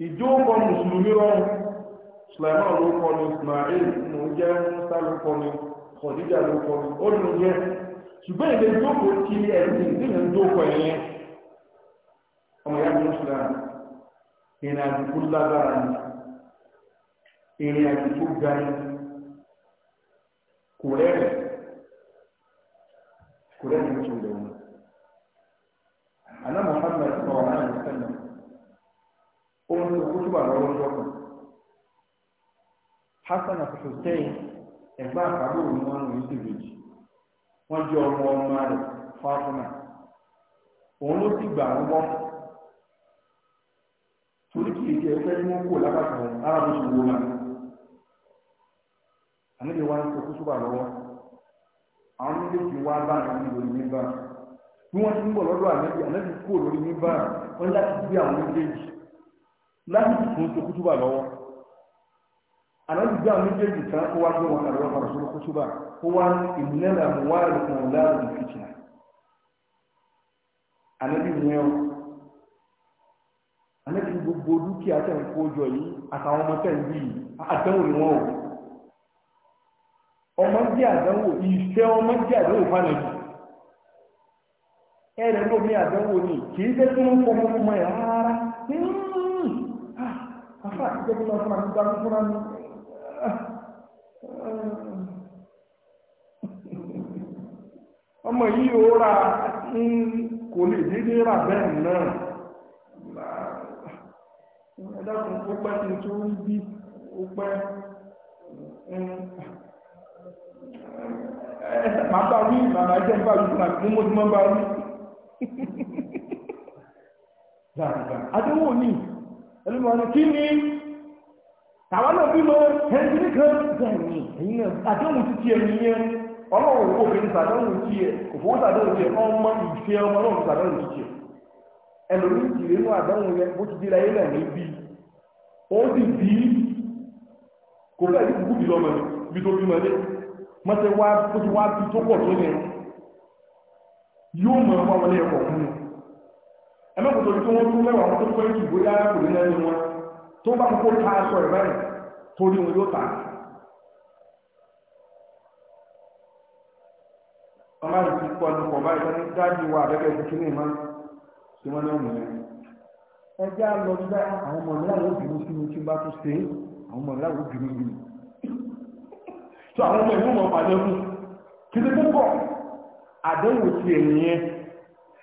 ìjókòó mùsùlùmí rọrùn Sulaiman ló kọ ni Ismail ló jẹ́ Musa ló kọ ni Khadija ló kọ ni ó ló jẹ́ ṣùgbọ́n ìlẹ̀ ìjókòó ti ẹ̀sìn tí ìlẹ̀ ìjókòó ẹ̀yẹn ọmọ ìyá mi Sulaiman ìrìn àjò tó lágbára ni ìrìn àjò tó ga ni kò rẹ́rìn kò rẹ́rìn tó lè wọn. Àná Muhammad sọ̀rọ̀ náà ló sẹ́yìn. ó ń lo kútùbà lọ́wọ́ lọ́kàn Hassan àti Hussein ẹ̀gbọ́n àkàbọ̀ ni wọ́n ń wọ́n jẹ́ ọmọ ọmọ rẹ̀ Fatima òun ló sì gbà wọ́n mọ́ torí kì ṣe ẹgbẹ́ tí wọ́n kò lápapọ̀ arábìnrin ṣòwò náà àníbi wá ń sọ kútùbà lọ́wọ́ àwọn méjèèjì wá bá àwọn ìlú bí wọ́n ti ń bọ̀ lọ́dọ̀ láti a ń ṣe kútúbà lọ́wọ́ àlọ́dún gbà méjèèjì kan ó wá gbé wọn àlọ́ ọ̀rọ̀ sórí kútúbà ó wá ìmúlẹ́ra mú wá láàrin fìtìnà àlẹ́bí mìíràn àlẹ́bí gbogbo dúkìá tẹ̀ ń kójọ yìí àtàwọn ọmọ tẹ̀ ń bí àdánwò ni wọ́n o ọmọ jẹ́ àdánwò ìfẹ́ ọmọ jẹ́ àdánwò fánàbí ẹ̀rẹ́ lómi àdánwò ni kì í fẹ́ fún rárá Apa? àtijọ́ tó máa fún àti gbàgbé fúnra mi. ọmọ yìí ó ra kò lè dédé rà bẹ́ẹ̀ náà ẹ dákun ó pẹ́ kí n tó ń bí ó pẹ́ màá bá wí màmá jẹ́ bá wí màmá mú mọ́tí mọ́ bá wí. àdéhùn ní olùmọ̀ọ́nù kí ni tàwọn náà bímọ ẹni nìkan bẹ́ẹ̀ni ẹ̀yin náà àdéhùn títí ẹ̀yin yẹn ọlọ́run owó obìnrin sàdéhùn tí ẹ òfòwò sàdéhùn tí ẹ ọmọ ìfẹ́ ọmọ ọlọ́run sàdéhùn títí ẹ ẹlòmíì tì nínú àdéhùn yẹn bó ti di láyé náà níbí ó sì bí kò fẹ́ẹ́ ní kúkú bìlọ́mọ bí tó bímọ dé mọ́tẹ́ wá bó ti wá bí tó pọ̀ tó yẹn yóò mọ̀ ọ́ wọlé ẹ̀kọ́ fún mi ẹmẹ́kùn tó tó wọ́n tún mẹ́wàá wọn tó pẹ́ jù bóyá kò ní lẹ́nu wọn tó bá kókó ta aṣọ ẹ̀ báyìí torí wọn yóò ta. ọmọ àti ti pọ̀ ní kọ̀ọ̀bá ìtọ́ ní dájú wa àbẹ́kẹ́ ti kí ní ìmọ̀ tí wọ́n náà mọ̀ ẹ́. ẹ jẹ́ àlọ́ bí báyìí àwọn ọmọ mi láwọn obìnrin sí mi tí n bá tún ṣe é àwọn ọmọ mi láwọn obìnrin mi. tó àwọn ọmọ ìlú mọ̀ fún kí ni púpọ̀ àdéhùn ti ènìyàn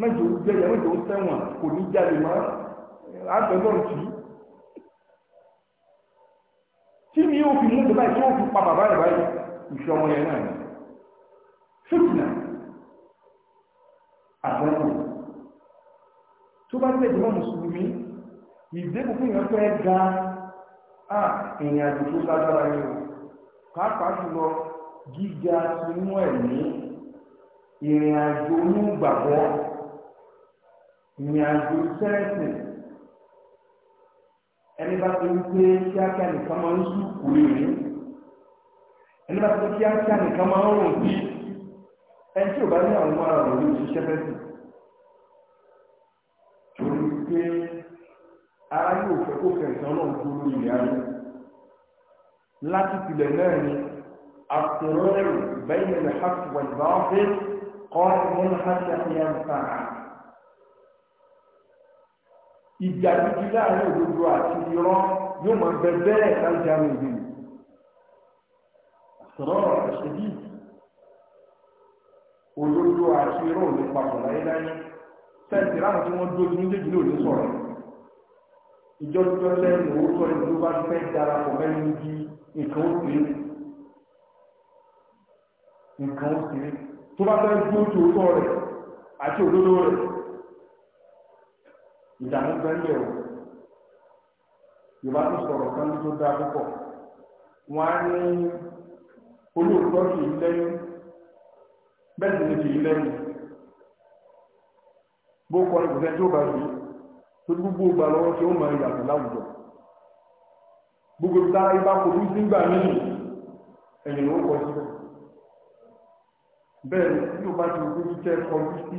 mẹjọ jẹyẹ mẹjọ sẹwọn kò ní jáde mọ àgbẹnọ ntì tí mi yóò fi mú bàbá yìí tí yóò fi pa bàbá rẹ báyìí ìfẹ́ ọmọ yẹn náà ni fífìnà àbẹ̀wò tó bá tẹ̀ jùlọ mùsùlùmí ìdẹ́kùn fún ìyẹn fẹ́ ga á ìrìn àjò tó lágbára yẹn o pàápàá jùlọ gíga inú ẹ̀mí ìrìn àjò onígbàgbọ́ ìrìn àjò sẹ́ẹ̀sì ẹni bá ti ń pé kíákíá nìkan máa ń sùn kú ìrìn ẹni bá ti kíákíá nìkan máa ń rùn bí ẹni tí ò bá ní àwọn ọmọ rẹ̀ ló ti ṣiṣẹ́ fẹ́sì torí pé ara yóò fẹ́ kó fẹ̀sán náà dúró ìrìn àjò láti tilẹ̀ náà ni àtúrọ̀rẹ̀ bẹ́ẹ̀ ni lè hàtùwẹ̀ bá wọn fẹ́ kọ́ ẹ̀ mọ́nà hàtùwẹ̀ yẹn sáà ìjà gidi láàrin òdodo àti irọ́ yóò máa bẹ bẹ́ẹ̀ lájà rẹ̀ ìlú sọ̀rọ̀ ẹ̀ṣẹ̀ yìí òdodo àti irọ́ ò ní papọ̀ láyéláyé sẹ́ǹtì láwọn tí wọ́n dúró tí méjèèjì ló ní sọ̀rọ̀ ìjọ́jọ́ lẹ́nu òótọ́ ẹni tó bá fẹ́ darapọ̀ mẹ́rin bí nǹkan ó ṣe nǹkan ó ṣe tó bá fẹ́ dúró tó tọ́ rẹ̀ àti òdodo rẹ̀. ìdààmú gbẹ́ndẹ̀ o yorùbá tó sọ̀rọ̀ kan tó dáa púpọ̀ wọ́n á ní olóòótọ́ kì í lẹ́yìn bẹ́ẹ̀ sì ni kì í lẹ́yìn bó kọrin kò sẹ́ni tó bá rí tó gbogbo gbà lọ́wọ́ tí ó máa yàtọ̀ láwùjọ gbogbo ìta ibà kò ní sígbà míì ẹ̀yìn ló kọ bẹ́ẹ̀ ni tí o bá ti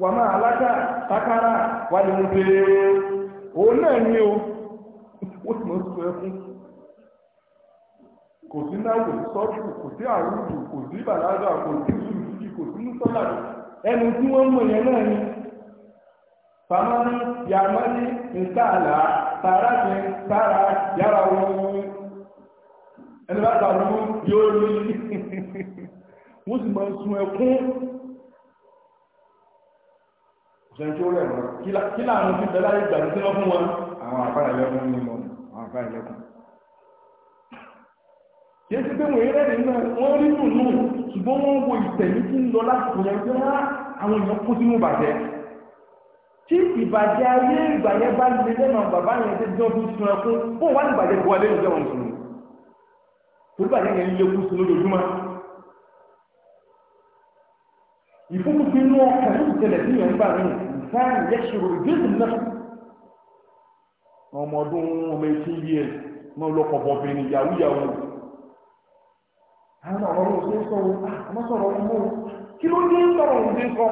wàmà alága takara wàlúùdè òun náà ní o wọ́n ti mọ̀ sọ ẹkún kò sí náwó sọ́ọ̀tù kò sí àrùdù kò sí bàlágà kò sí sùdùkì kò sí nùsọ́là ẹnu tí wọ́n mọ̀ yẹn náà ni yàrá sun ẹkún. jẹun tó rẹ̀ wọ́n kí láwọn ti bẹ̀rẹ̀ láyé gbàdúrà tí wọ́n fún wọn àwọn àfáà ẹlẹ́kùn ní mọ̀ àwọn àfáà ẹlẹ́kùn. kì í ṣe pé wọ́n rẹ̀ nínú wọn rí dùn nù ṣùgbọ́n wọ́n wo ìtẹ̀yìn tí ń lọ lásìkò yẹn pé wọ́n àwọn èèyàn kó sínú bàjẹ́. tí ìbàjẹ́ ayé ìgbà yẹn bá lè lẹ́nu bàbá yẹn tẹ́ jọ́ fún sunra fún bó wà ní ìbàjẹ́ kó wà lẹ́nu jẹ́ wọn sùn. torí bàjẹ́ yẹn lé kú sínú lójúmọ́ يكون في نوع كمان ثلاثية بقى إنسان يشعر بالنفس ọmọ ọdún ọmọ etí yìí ẹ náà lọkọ bọbìnrin ìyàwó ìyàwó àwọn ọ̀rọ̀ ló ṣe ń sọ wọn ah, àwọn sọ̀rọ̀ ọmọ kí ló dé ń sọ̀rọ̀ òun dé sọ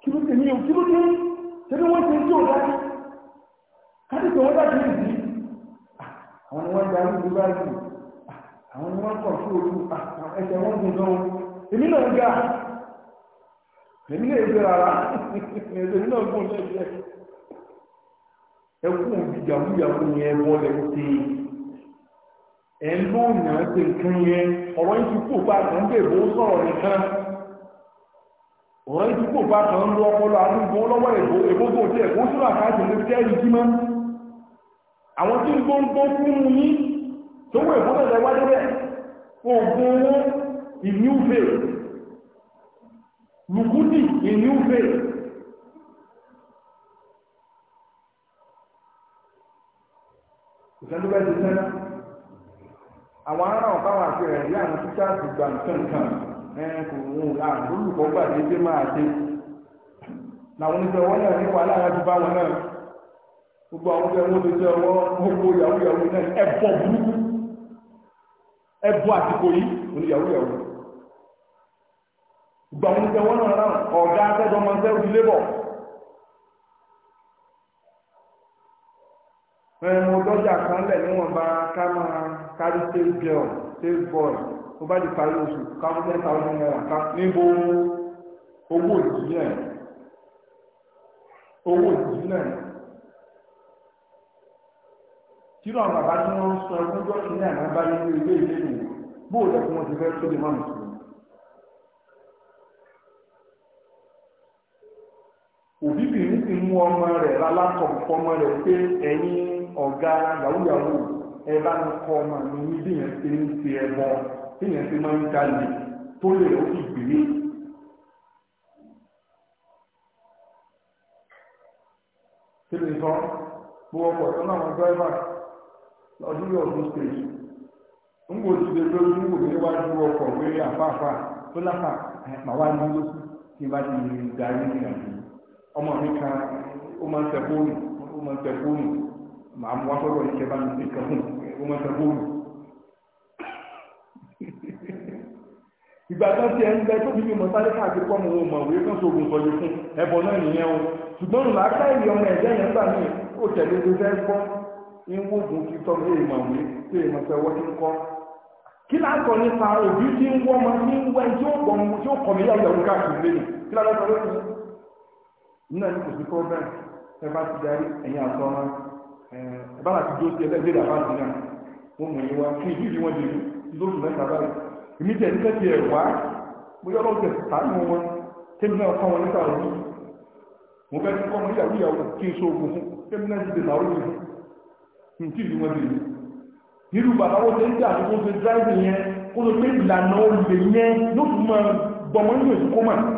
kí ló dé ní o kí ló dé tẹ́lẹ̀ wọ́n ti ń tí ò dájú káàdì tó wọ́n dájú lè di àwọn ni wọ́n darí ìlú báyìí ah, àwọn ni èmi náà ga èmi náà gbé rárá èmi náà gùn lẹ́gbẹ́ ẹkún òbí jàmúyàmú yẹn bọ́ lẹ́kọ́ sí ẹ̀ ń lóun náà ṣe nǹkan yẹn ọ̀rọ̀ yìí ti kú òpá kan bẹ́ẹ̀ bó sọ̀rọ̀ nìkan ọ̀rọ̀ ìdúgbò bá kan ń lọ ọpọlọ àdúgbò lọ́wọ́ èbó èbó tó tí ẹ̀kọ́ sí àkáàtì ní kẹ́rì jí mọ́ àwọn tí ń gbóngbó fún un ní tówó èbó tẹ̀lẹ̀ in new way. Lukuti in new way. Ìsẹ́ndúgbẹ́ Àwọn ará ọ̀pá wà sí rẹ̀ yá àwọn títà ti gbà nǹkan kan ẹ̀ẹ́n kò wọ́n gbà máa Làwọn oníṣẹ́ ọwọ́ náà ní bá wọn náà. Gbogbo àwọn oníṣẹ́ wọn ti ọwọ́ gbogbo gbàmújẹ wọn náà náà ọ̀gá akẹ́kọ̀ọ́ máa ń fẹ́ òdílé bọ̀. ẹnu dọ́jà kan lẹ̀ níwọ̀nba ká máa kárí save girl save boy tó bá di parí oṣù káwọn ten thousand naira ká níbo owó òjì náà owó òjì náà tírọ̀ àwọn bàbá tí wọ́n sọ ẹgbẹ́jọ́ ìní àná báyé ní ilé ìlú bóòlù ẹ̀kọ́ wọn ti fẹ́ tó lè máa mọ̀ sí. sì mú ọmọ rẹ̀ alákọ̀ọ́kọ́ ọmọ rẹ̀ pé ẹ̀yin ọ̀gá yàwóyàwó ẹ bá ń kọ́ ọmọ mi ní bí yẹn ti ń ti ẹbọ bí yẹn ti máa ń jalè tó lè ó sì gbèrè. kí ni sọ gbogbo ọkọ̀ ìtọ́ náà wọn dọ́ẹ́fà lọ́dún yóò tún stage ńgbò tí lè lórí ńgbò mi níwájú ọkọ̀ wẹ́rẹ́ àfáàfáà tó láfà màwá ní lóṣù tí bá ti darí ìrìnàjò ọmọ mi kan ó máa ń tẹ fóònù ó máa ń tẹ fóònù màá mú aṣọ́rọ̀ yìí kẹfà ní ìkan fún ó máa ń tẹ fóònù. ìgbà kan tí ẹ ń bẹ tó fi mímọ sáré káàkiri pọ́ mọ́ ọmọ òwe kan sóògùn sọ̀yẹ fún ẹbọ náà nìyẹn o ṣùgbọ́n òun máa káyìí ọmọ ẹ̀jẹ̀ yẹn gbà mí ó tẹ̀lé tó fẹ́ gbọ́ ń wógun kí tọ́ lé ìmọ̀ tó ìmọ̀ fẹ́ wọ́n ti ń kọ́ kí láàtọ̀ nípa òbí tí ń wọ́ ọmọ ní wẹ́ tí ó kọ̀ mí yàwó káàkiri lé nínú ẹni kò sí problem ẹ bá ti darí ẹ̀yin àtọ́ wọn ẹ bá láti dúró sí ẹlẹ́gbẹ́ ìdàbà àti náà wọ́n mọ̀ yín wá fún ìdí ìdí wọn di lóṣù mẹ́ta báyìí èmi jẹ́ nípa ti ẹ̀ wá mo yọ lọ́sẹ̀ sàánú wọn tẹ́mi náà kọ́ wọn nípa òní mo fẹ́ kọ́ wọn yàwó ìyàwó kí n so oògùn fún tẹ́mi náà ti dè náà lóṣù fún ìdí ìdí wọn di nínú bàbá wọn ṣe ń dà tó ṣe dráìvì kó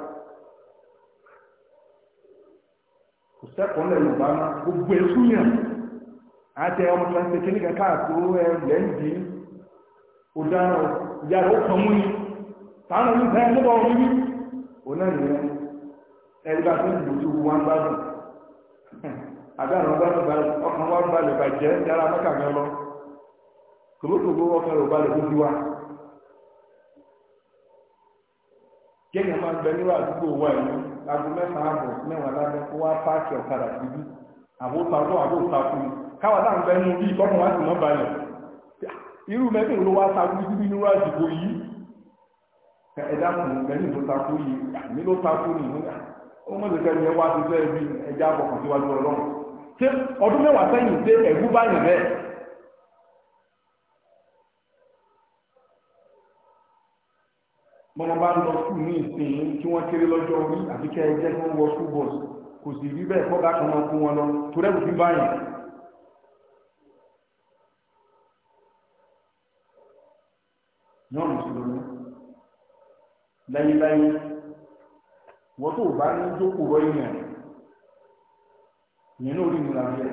kò sẹ́kọ̀ọ́ lẹ̀ yorùbá náà gbogbo ẹ̀sùn yàn àti ọmọ tẹ̀sí kí nìkan káàkiri ẹ lẹ́yìndì ọ̀daràn ìyá rẹ̀ ó kàn mú ni táwọn ọmọ ìfẹ́ ẹ̀ lọ́wọ́ mi ò náà nìyẹn ẹ̀rí bá fún ìbùsù wọn gbádùn àbí àwọn gbádùn balẹ̀ ọkàn wọn balẹ̀ bàjẹ́ yàrá mẹ́kà mi lọ kòbókòbó ọkàn rẹ̀ balẹ̀ kó fi wá. kéèyàn máa gbẹ níwájú àdúgbò wa yìí aago mẹ́sàn-án àbọ̀ mẹ́wàá lábẹ́ kó wá páàkì ọ̀kadà síbí àbóta ọdún àbóta fún mi káwa náà ń bẹ nínú bí ìtọ́kùn wá sí mọ́ balẹ̀ irú mẹ́tò ló wá ta kú síbí nírú àsìkò yìí ẹ̀dá kùn lẹ́yìn tó ta kú yìí àmì ló ta kú nìyí ó mọ̀ lókè ní ẹwà tó fẹ́ bí ẹja àbọ̀kùn síwájú ọlọ́run ṣé ọdún mẹ́wàá sẹ́yìn dé ẹ̀gbú báyìí bẹ́ẹ̀ wọ́n bá ń lọ sùn ní ìsìn tí wọ́n kéré lọ́jọ́ orí àbí kẹ́ ẹ jẹ́ kí wọ́n wọ sùn bọ̀s kò sì rí bẹ́ẹ̀ kọ́ba kan máa kó wọn lọ torí ẹ̀kú fi báyìí. yọ́n mùsùlùmí lẹ́yìnlẹ́yìn wọ́n tó bá ní jókòó wọ́ ìyẹn ìyẹn náà rí mi là ń yẹ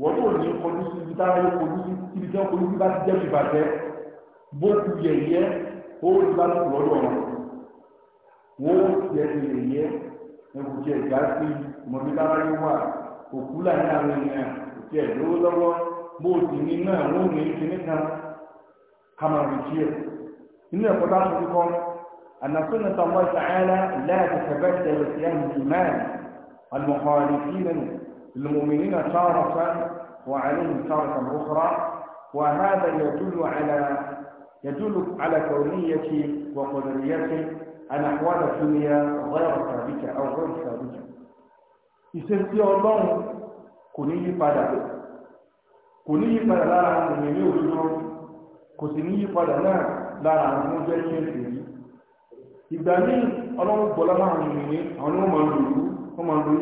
wọ́n tó ní kọjú sí ibi táwọn yóò kọjú sí ibi tí wọ́n kọjú sí bá ti jẹ́ ìbàjẹ́ bó kú yẹ̀yẹ́. ó rí lásìkò lọ́dọ̀ wọn wọ́n ti ẹsẹ̀ lè yẹ ẹkùtì ẹ̀gá sí mọ̀lẹ́dáwáyé wà òkú láyé àwọn ènìyàn òkú ẹ̀ lówó lọ́wọ́ bó o sì ní náà wọ́n ní kíní kan kàmáwé tiẹ̀ inú ẹ̀kọ́ tá a tún kọ́ ànàfínà sọmọ ìsàáyánná láti kẹfẹ́ tẹ̀lé sí ẹ̀hìn ìmáà المخالفين المؤمنين تارة وعليهم تارة أخرى وهذا يدل على يدل على كونية وقدرية عن أحوال الدنيا غير ثابتة أو غير ثابتة ìṣesí ọlọ́run kò ní yí padà kò ní yí padà lára àwọn ènìyàn ní òṣìṣọ́ kò sì ní yí padà náà lára àwọn ọmọ jẹ́ ní èsì yìí ìgbà ní ọlọ́run gbọ́ lára àwọn ènìyàn àwọn ni wọ́n wọ́n máa ń lò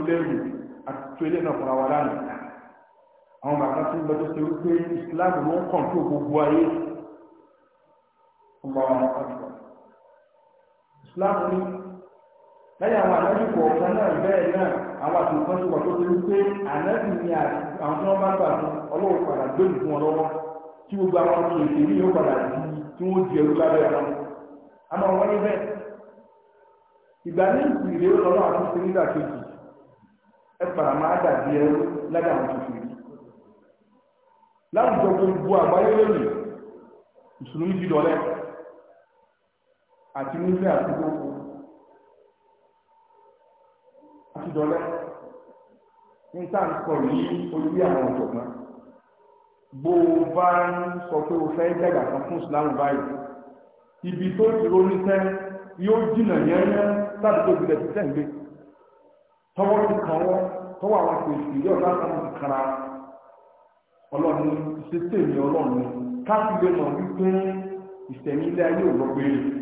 àti ilé náà fara wa lánàá àwọn bàbá tó ń gbọ́dọ̀ ṣe wípé Islam ló ń kàn tó gbogbo ayé Allahu Akbar. Islam ní lẹ́yìn àwọn ànábì kọ̀ọ̀kan náà bẹ́ẹ̀ náà àwọn àtúnkọ́ sí wà tó ti rí pé ànábì ni àwọn tí wọ́n bá gbà fún ọlọ́wọ́ padà gbèlú fún ọlọ́wọ́ tí gbogbo àwọn ọmọ èdè ní yóò padà di tí wọ́n di ẹrú lábẹ́ ọ̀rọ̀. Àmọ́ wọ́n ní bẹ́ẹ̀. Ìgbà ní ìrè ọlọ́wọ́ àtúnṣe nígbà kejì ẹ padà máa dàbí ẹrú lábẹ́ àwọn tuntun yìí. Láwùjọ gbogbo àgbáyé lónìí, Mùsùlùmí ti dọ̀lẹ́ àti nílé àti gbogbo àti dọ́lẹ́ ní tá à ń sọ yìí olórí àwọn ọ̀jọ̀gbọ́n bó o bá ń sọ pé o fẹ́ dẹ̀gbà kan fún ìsìlámù báyìí ibi tó dúró níṣẹ́ yóò jìnnà yẹ́nyẹ́ láti tó gbilẹ̀ títẹ̀ ń gbé tọwọ́ ti kàn wọ́n tọwọ́ àwọn kèsì yóò bá kàn ti kara ọlọ́run ìṣesí èmi ọlọ́run ká sì lè mọ̀ wípé ìṣẹ̀yìn ilé ayé ò lọ gbére.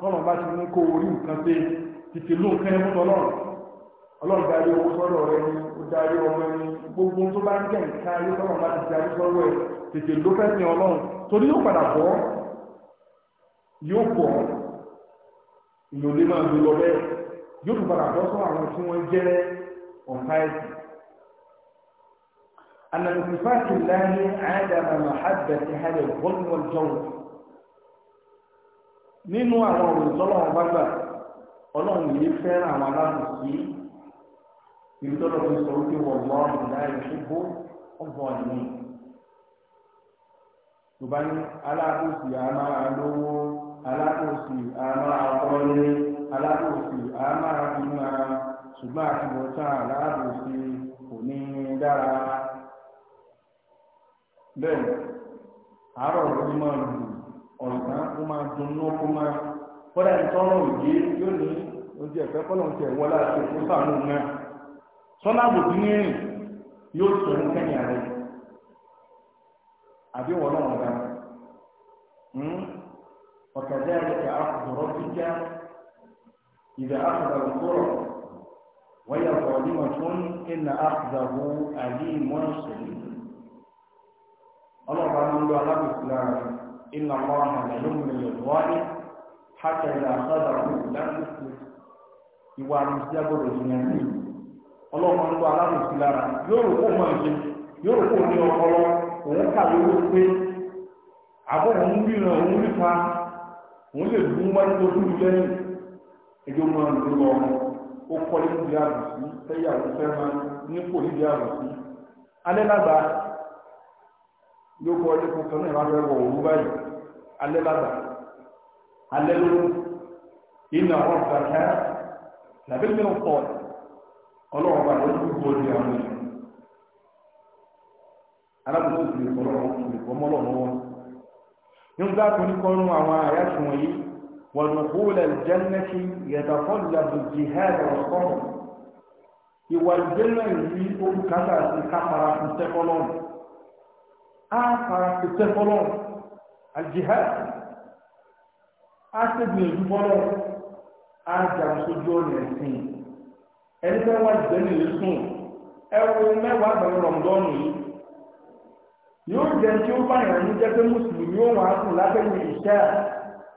tọ́nà bá ti ní kó orí nǹkan pé tètè ló ń kẹ́yìn fún ọlọ́run ọlọ́run darí owó sọ́dọ̀ rẹ ni ó darí ọmọ ẹni gbogbo tó bá ń jẹ́ nǹkan ayé tọ́nà bá ti darí sọ́dọ̀ ẹ tètè ló fẹ́ sin ọlọ́run torí yóò padà bọ́ yóò pọ̀ ìlòlé máa ń lọ bẹ́ẹ̀ yóò tún padà bọ́ sọ àwọn tí wọ́n jẹ́ ọ̀ǹkà ẹ̀sìn أن من صفات الله عدم محبة هذا الظلم nínú àwọn òròyìn tọ́lọ́run bá gbà ọlọ́run yìí fẹ́ràn àwọn aláàbòsí ìlú tọ́lọ́ sọ wípé wọ́n mọ́ ìdáyé ṣubú ọgbọ̀n ní. Yorùbá ní aláàbòsí a máa lówó aláàbòsí a máa kọ́lé aláàbòsí a máa bímọ ṣùgbọ́n àtúbọ̀tán aláàbòsí kò ní dára. Bẹ́ẹ̀ àárọ̀ ló ní mọ́ ọ̀sán ó máa dunnú kó máa kódà ìtọ́rọ̀ òye yóò ní oúnjẹ ẹ̀fẹ́ kọ́lọ̀ ń tẹ̀ wọlé sàánú náà sọ́nà àbòdì yóò sọ ní kẹ́yìn rẹ̀ àbí wọ́n náà wọ́n dá hmm? ọ̀kadà ẹ̀ka àkùdọ̀rọ̀ jíjá ìdá àkùdọ̀rọ̀ kúrọ̀ wáyà kọ̀ọ̀dí wọn tún ìnà àkùdọ̀rọ̀ àlè mọ́ọ̀sì ọlọ́ọ̀bá máa ń lo alábòsí lára rẹ̀. إن الله لا يؤمن للظالم حتى إذا أخذه لم يفلت ìwà àmìsílẹ̀ gbọ́dọ̀ ìyẹn ní ọlọ́mọ ń lọ aláàmìsí lára yóò rò kó mọ̀ ẹ̀jẹ̀ yóò rò kó ní ọpọlọ òun kàwé ó pé àbọ̀ òun ríran òun ríta òun lè dùn wájú ló kọ ọdún tuntun náà ìwádìí ọwọ́ òru báyìí alẹ́ bàbà alẹ́ lóru iná ọ̀rọ̀ gbàgbà làbí mi ò pọ̀ ọlọ́run bá lórí gbogbo ọdún àwọn ènìyàn alábòsí ti lè kọ́lọ́ wọn lè kọ́ mọ́lọ́ lọ́wọ́ nígbà tó ní kọ́ nú àwọn àyà tí wọ́n lọ kó lẹ̀ jẹ́nẹ́tì yẹ̀dọ̀fọ́ lẹ́bù jihad ọ̀sọ́rọ̀ ìwà ìgbélẹ̀ yìí ó kásà sí kápára fún sẹ́kọ́lọ́run á fara fọlọ, aljihad al-jihad á ṣègbìyànjú fọlọ́ á jà ẹni fẹ́ wá ìgbẹ́ni lè sùn ẹwọ mẹ́wàá àgbẹ̀rẹ̀ rọ̀mùdọ́nù yìí yóò jẹ́ tí ó bá ìrìn jẹ́ pé mùsùlùmí ó wàá sùn lábẹ́yìn ìṣẹ́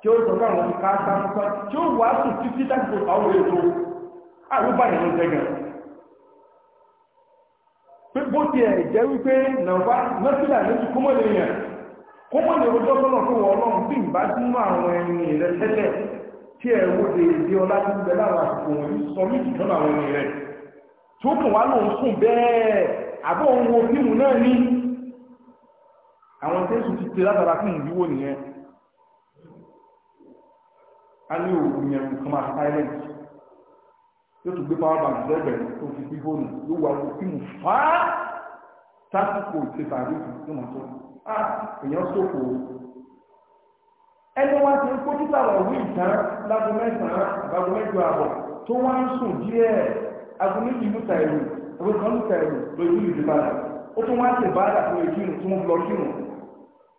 tí ó sọ fún àwọn ká sáńsán tí ó wàá sùn títí pé bó ti ẹ̀ jẹ́ wípé nàbá mẹ́sílà lójú kọ́mọ̀lẹ̀ yẹn kọ́mọ̀lẹ̀ ọjọ́ sọ́nà tó wọ ọlọ́run bí ìbá sínú àwọn ẹni rẹ tẹ́lẹ̀ tí ẹ̀ wo de èdè ọlá tó ń bẹ láwọn àsìkò wọ̀nyí sọ ní ìdùnnú àwọn ẹni rẹ tí ó kàn wá lóun sùn bẹ́ẹ̀ àbọ̀ òun wo fíìmù náà ní àwọn tẹ́sù ti ti látara fíìmù yíwò nìyẹn a ní òògùn yẹn kò máa silence yóò tún gbé power bank lẹ́gbẹ̀ẹ́ tó fi gbé fóònù ló wà wọ fíìmù fá tásìkò ìṣèpà àdéhùn tó mọ̀ tó à èèyàn sóko ẹni wá ti ń kó títà wà wí ìtàn lágbo mẹ́sàn-án àbágbo mẹ́jọ àbọ̀ tó wá ń sùn díẹ̀ agbo méjì ló ta ẹ̀rù ẹ̀rù kan ló ta ẹ̀rù lójú ìdí padà ó tún wá ń tẹ̀ báàdà tó èjì nù tó ń lọ kírun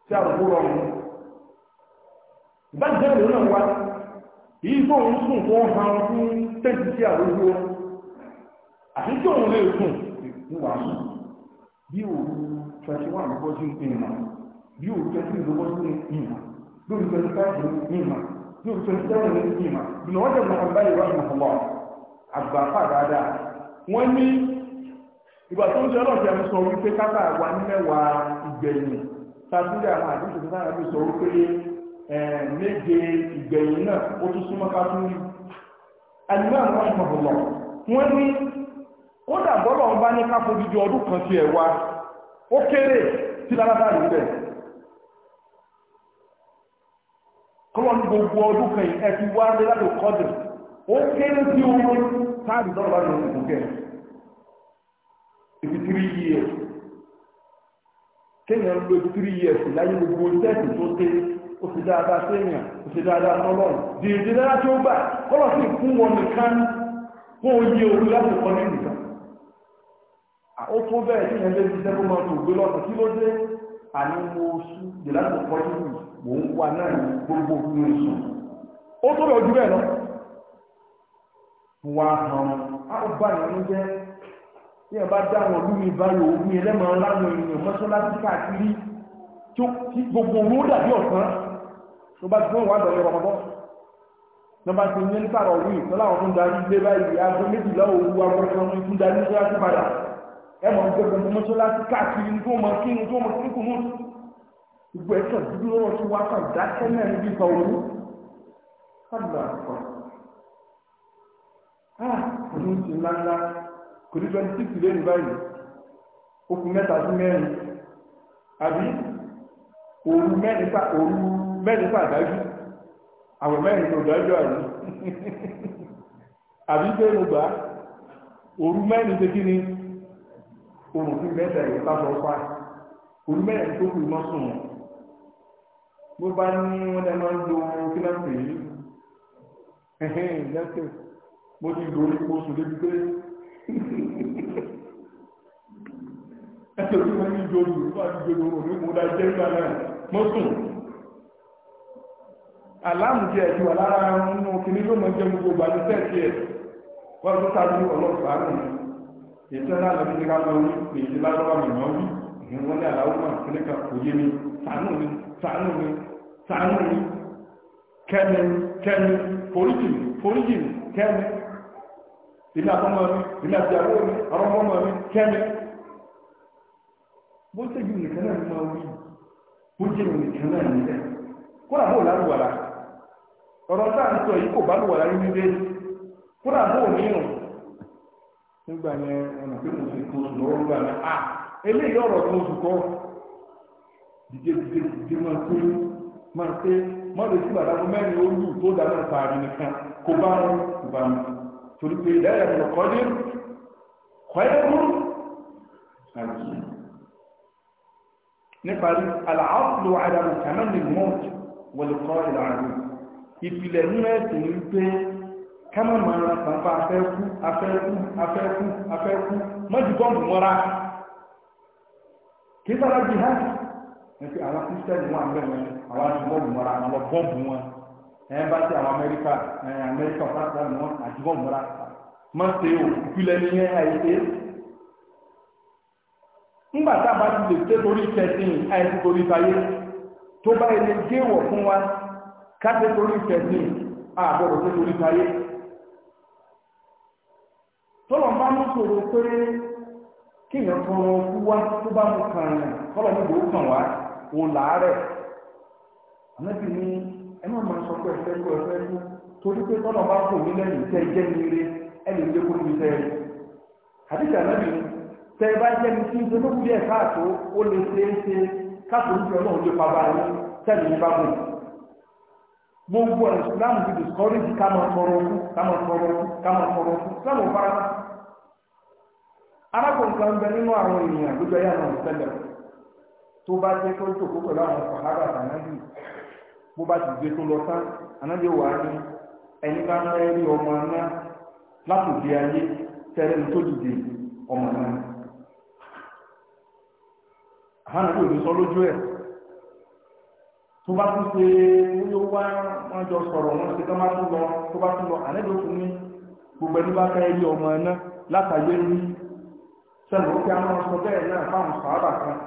tí àbúrò rọrùn ìbájú jẹ́ ìlú náà wá èyí tó sùn tó ń fún tẹ́ǹtì sí àlójú wọn àti tí òun lè sùn ní wàá sùn bí òun twenty one bọ́ sí ìmọ̀ bí òun twenty two bọ́ sí ìmọ̀ lórí twenty five ìmọ̀ lórí twenty seven ìmọ̀ bí wọ́n jẹ́ nǹkan báyìí wọ́n àgbà fà dáadáa wọ́n ní ìgbà tó ń ọlọ́ọ̀tì sọ wípé kápá àwa ní mẹ́wàá ìgbẹ̀yìn àwọn àdúgbò tó sọ wípé méje ìgbẹ̀yìn náà ó tún súnmọ́ ká tún rí alimam rahimahullah wọ́n ní ó dàgbọ́lọ̀ ń bá ní káfó dídí ọdún kan sí ẹ̀wà ó kéré sí lálábà rí bẹ́ẹ̀ ní gbogbo ọdún kan yìí wa wá ní láti kọ́dù ó kéré sí oorun táàdì dọ́là ní òkú kẹ́ ibi tírí kéèyàn lo tírí yíyẹ sí láyé gbogbo sẹ́ẹ̀tì tó kéré ó fi dáadáa séèyàn ó fi dáadáa sọ́lọ́run dèédé dára tí ó gbà kọ́lọ̀ sí fún wọn nìkan fún oyè orí láti kọ́ ní nìkan ó tó bẹ́ẹ̀ tí ìyẹn lé ti sẹ́kọ́ máa tó gbé lọ́sàn kí ló dé àní mo sú dè láti kọ́ ní mò ń wa náà ní gbogbo ní oṣù ó tó bẹ̀ ojú bẹ́ẹ̀ lọ mo wá hàn á ó bá ìyẹn jẹ́ tí ẹ bá dá àwọn olúmi báyọ̀ omi ẹlẹ́mọ̀ọ́ láwọn èèyàn mọ́ṣáláṣí káàkiri tí gbogbo owó dàbí ọ̀sán tó bá ti fún wọn àdọ̀yẹ rọ̀mọ́bọ́ nọmba ti ní nípàrọ̀ wí tọ́lá àwọn fún darí gbé báyìí aago méjìlá òru agbọ́dọ̀ ní fún darí tó yàtọ̀ padà ẹ mọ̀ ní gbogbo mọ́ṣáláṣí káàkiri ní tó mọ kí ní tó mọ kí ní kò mú gbogbo ẹ̀ tàn dúró lọ́wọ́ tí wàá kàn dákẹ́ náà níbi ìfọ̀ òru fàdùlà àkọ́ ah ọdún ti ńláńlá kò ní twenty six lẹ́nu báyìí ó kù mẹ́ta sí mẹ́rin àbí òru mẹ́rin pa òru mẹ́rin pàdájú àwẹ̀ mẹ́rin tó dájú àrí àbí pé mo gbà òru mẹ́rin tó kí ni òrùn fún mẹ́ta ìwé ká sọ fà òru mẹ́rin tó kù mọ́ sùn bó bá ní wọ́n lẹ́ máa ń lo kílẹ̀sì yìí lẹ́sẹ̀ mo ti lò ó sùn débi pé ẹ̀sẹ̀ tó kọ́ ní ìjọ olùkọ́ àti ìjọ olùkọ́ ní mo dá jẹ́ ìgbà náà mọ́ aláàmù jẹ́ wà lára nínú kìíní ló gbogbo tẹ́ẹ̀tì ẹ̀ wọ́n tó sáájú ọlọ́pàá nù ètò náà ká lọ wí pé èdè mi ní aláwọ̀ náà kíní kan kò yé mi ṣàánú mi ṣàánú mi ṣàánú mi kẹ́mi kẹ́mi foríjì mi kẹ́mi ilé àtọ́mọ mi ilé àti mi ọ̀rọ̀mọ́mọ mi kẹ́mi bó nìkan náà máa wí bó jẹ́ nìkan náà nílẹ̀ kó ọ̀rọ̀ tá à ń sọ yìí kò bá lùwà láyé wíwé kúrà bó mìíràn nígbà yẹn ọ̀nà pé mo fi kóso lọ́wọ́ nígbà yẹn à eléyìí ọ̀rọ̀ tó oṣù kọ́ dìde dìde dìde máa pé máa pé má lè sí bàbá mẹ́rin olú tó dáná parí nìkan kó bá wọn kó bá wọn torí pé ìdáyà mi lọ́kọ́ dé kọ́yẹ́kùn àti níparí àlàáfíà àdàlù kàmẹ́lì mọ́ọ̀tì wọlé kọ́ ìlànà ìpìlẹ̀ nínú ẹ̀sìn ní pé kámọ́ máa ra pàpà afẹ́kú afẹ́kú afẹ́kú afẹ́kú mọ́jú bọ́ọ̀mù mọ́ra kí sára jihad ẹ̀fí àwọn kristian wọn àgbẹ̀ wọn àwọn àti bọ́ọ̀mù mọ́ra àwọn bọ́ọ̀mù wọn ẹ̀yẹn bá ti àwọn amẹ́ríkà ẹ̀yẹn amẹ́ríkà fásitì wọn àti bọ́ọ̀mù mọ́ra má o ńgbà tá a bá ti lè torí kẹsìn torí tó fún wa káṣe torí tẹ̀sí àbọ̀rọ̀ tó torí tayé tọ́lọ̀ bá ní ṣòro pé kí èèyàn kan kú wá tó bá mú kan rìn tọ́lọ̀ níbo ó kàn wá wò láàárẹ̀ ànábì ní ẹ má máa sọ pé ẹfẹ́ kú ẹfẹ́ kú torí pé tọ́lọ̀ bá kò ní lẹ́yìn tẹ́ jẹ́ ní ire ẹnì ilé kó níbi tẹ́ ẹ àdìsí ànábì ní tẹ́ ẹ bá jẹ́ ní kí ṣe lókùn bí ẹ̀ káàtó ó lè ṣe é ṣe káàtó ń fi ọlọ́run lè pa bá tẹ́lẹ̀ ní bá gùn. gbogbo islam ti discourage kama tọrọ ọkú kama tọrọ ọkú kama nínú àwọn èèyàn tó bá jẹ tó kó àwọn sàhábà bó bá ti tó lọ wà á ní ẹni bá rí ọmọ látòdì ayé ní tó dìde ọmọ àhánà tó bá tún ṣe wíwí ó wá wọn jọ sọ̀rọ̀ wọn ṣe tó bá tún lọ tó bá tún lọ àlejò fún mi gbogbo ẹni bá fẹ́ rí ọmọ ẹná látàgbé rí sẹ́nu ó kí a máa sọ bẹ́ẹ̀ náà fáwọn sọ̀rọ̀ kan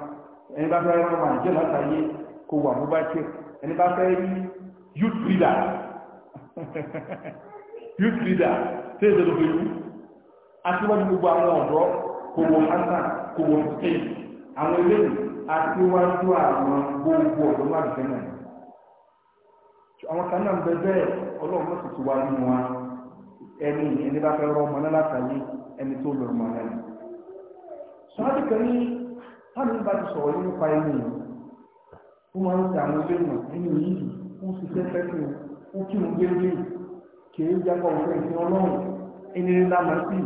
ẹni bá fẹ́ rí ọmọ àjẹ́ látàgbé kó wà bó bá ṣe ẹni bá fẹ́ rí youth leader youth leader ṣé èdè ló fi wú aṣíwájú gbogbo àwọn ọ̀dọ́ kò wọ hasan kò wọ hussein àwọn eléyìí aṣíwájú àwọn gbogbo ọ̀dọ́ wà lùfẹ́ náà àwọn kan náà ń bẹ bẹ́ẹ̀ ọlọ́run náà sì ti wá nínú wa ẹni ẹni bá fẹ́ rọ ọmọ náà látàyè ẹni tó lọ ọmọ náà. sọ́wọ́dì kan ní táwọn ìbá ti sọ̀rọ̀ yìí nípa ẹni ó máa ń ta àwọn ilé ìmọ̀ ẹni yìí ó sì fẹ́ fẹ́ kí ó kí òun gbélé kì í jápọ̀ òun fẹ́ ìfẹ́ ọlọ́run ẹni ní lámà sí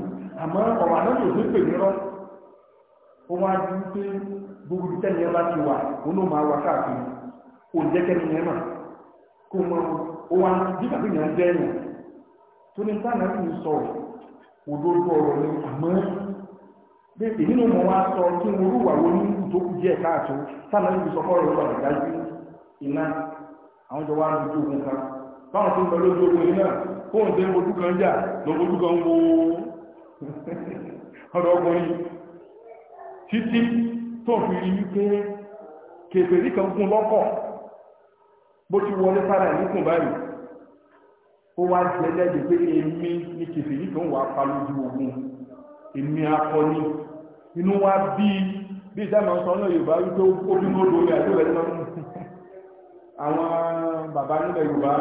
àmọ́ ọ̀rọ̀ àdájọ́ òfin pè ní rọ́ ó wá di pé gbogbo ìtẹ́ni ẹ bá ti wà ó ló máa wà káàkiri òun jẹ́kẹ́ni ẹ náà kò ụwa òwa nígbà tí yàn tó ní sáà náà sọ ni wá sọ kí n orúwà wo ní ìjókòó káàtó sáà náà sọ iná àwọn jọ wá ní ojú ogun kan báwọn tó ń bẹ lójú ogun yìí náà ojú kan jà lọ ojú kan títí tó fi rí wípé kèfèrí kan bó ti wọlé sára ìlúkùn báyìí ó wá jẹ lẹ́yìn pé èmi ni kìfìrí tó ń wà pa lójú ogun èmi akọni inú wa bí bí ìdáná sọ náà yorùbá wípé ó bí mọ́ lórí àdúrà ẹ̀ náà àwọn bàbá nílẹ̀ yorùbá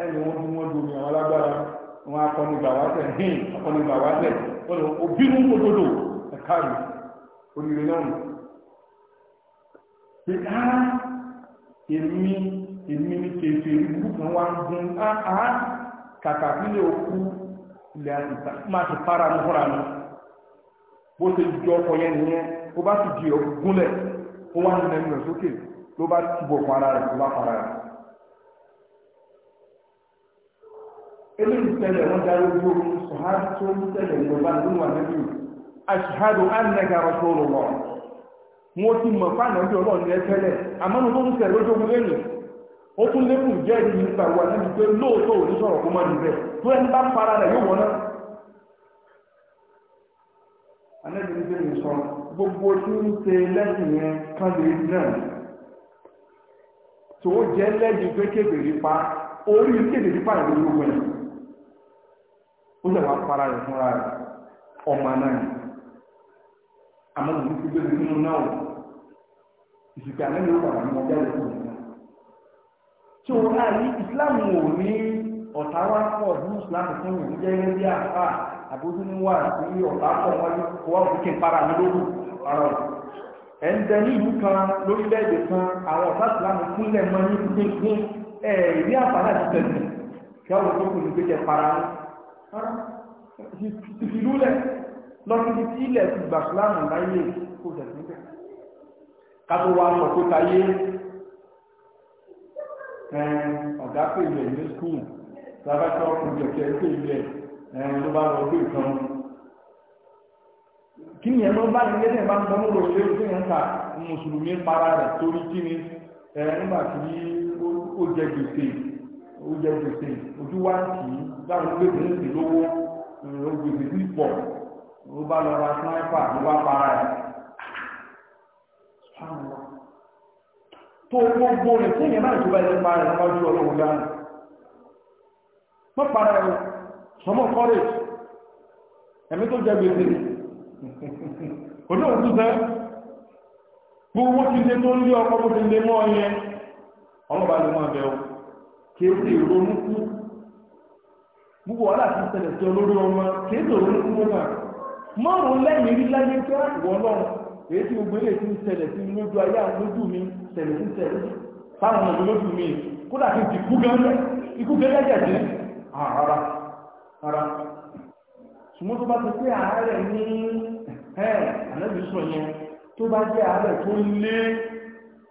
ẹ̀yìn wọn bí wọ́n domi àwọn alágbára wọn akọni gbàwátẹ̀ hìn akọni gbàwátẹ̀ wọn ò bínú kótódò ẹ̀ka rẹ̀ oníire náà nù. pé á èmi èmi ní kèfè ìlú kan ń gun áá kàkà nílé òkú ilẹ̀ àtìta máa ti para ní mi bó ṣe jọ ọkọ yẹn nìyẹn ó bá ti di ọgúnlẹ̀ ó wá ń lẹ sókè ló bá ti bọ̀ fún ara rẹ̀ ló bá para rẹ̀. eléyìí tẹ̀lé wọn darí ojú omi sọ̀hárì tó ń tẹ̀lé ìjọba nínú wọn ti ní àmọ́ ń ó tún lékùn jẹ́ ìdí nípa ìwà níbi pé lóòótọ́ òní sọ̀rọ̀ kó mọ́ ní tó ẹni bá para rẹ̀ yóò wọ́n náà anẹ́bí ní bẹ́ẹ̀ sọ gbogbo tí ń ṣe lẹ́yìn yẹn kan lè náà tó jẹ́ lẹ́yìn pé kébèrè pa orí kébèrè pa ìlú gbogbo ẹ̀ ó lè wá para rẹ̀ fúnra rẹ̀ ọmọ náà àmọ́ òun ti gbé nínú náà ìsìnkú anẹ́bí ó padà mọ́ bẹ́ẹ̀ lọ́wọ́ tí o náà rí ìsìláàmù ò ní ọ̀tá wá pọ̀ ní ìsìláàmù fún ìlú jẹ́ bí àbójú ní wà sí ọ̀tá pọ̀ wájú kó wá òkè para mi lóru ara ẹ̀ ń ní ìlú kan lórílẹ̀-èdè kan àwọn ọ̀tá ìsìláàmù kúnlẹ̀ mọ́ ní gbígbín ẹ̀ kí wọ́n tó kù ní gbé jẹ para Eh, ọ̀gá pè ilẹ̀ ní skul lábàtà ọkùnrin kẹ̀kẹ́ pè ilẹ̀ eh, ló bá lọ gbé nǹkan kí ni ẹ̀rọ bá nílé bá ń lọ mùsùlùmí para rẹ̀ torí kí ni eh, ó jẹ gbèsè ó jẹ gbèsè wa kì í gbé gbèsè pọ̀ ló bá lọ ra sniper ló bá para tó gbogbo rẹ̀ tí èèyàn náà tó bá ẹni pa rẹ̀ lọ́jọ́ ọlọ́run dáná mọ́ para ẹ̀rọ sọmọ kọ́rẹ̀ ẹ̀mí tó jẹ gbèsè kò ní òkú sẹ́ gbogbo ti ṣe tó ń lé ọkọ̀ bó ti lé mọ́ ọyẹn ọlọ́ba ló mọ́ ẹ̀bẹ̀ o kéèké ìrònú kú gbogbo wàhálà ti ṣẹlẹ̀ sí olórí ọmọ kéèké ìrònú mọ́ èyí tí gbogbo ilé tí ń ṣẹlẹ̀ sí lójú ayé àwọn lójú mi ṣẹlẹ̀ sí ṣẹlẹ̀ fáwọn ọmọ lójú mi kódà kí n ti kú gẹ́gẹ́ ikú gẹ́gẹ́ jẹ̀dẹ́ àrárá rárá ṣùgbọ́n tó bá ti pé àárẹ̀ ní ànábì sọ yẹn tó bá jẹ́ àárẹ̀ tó lé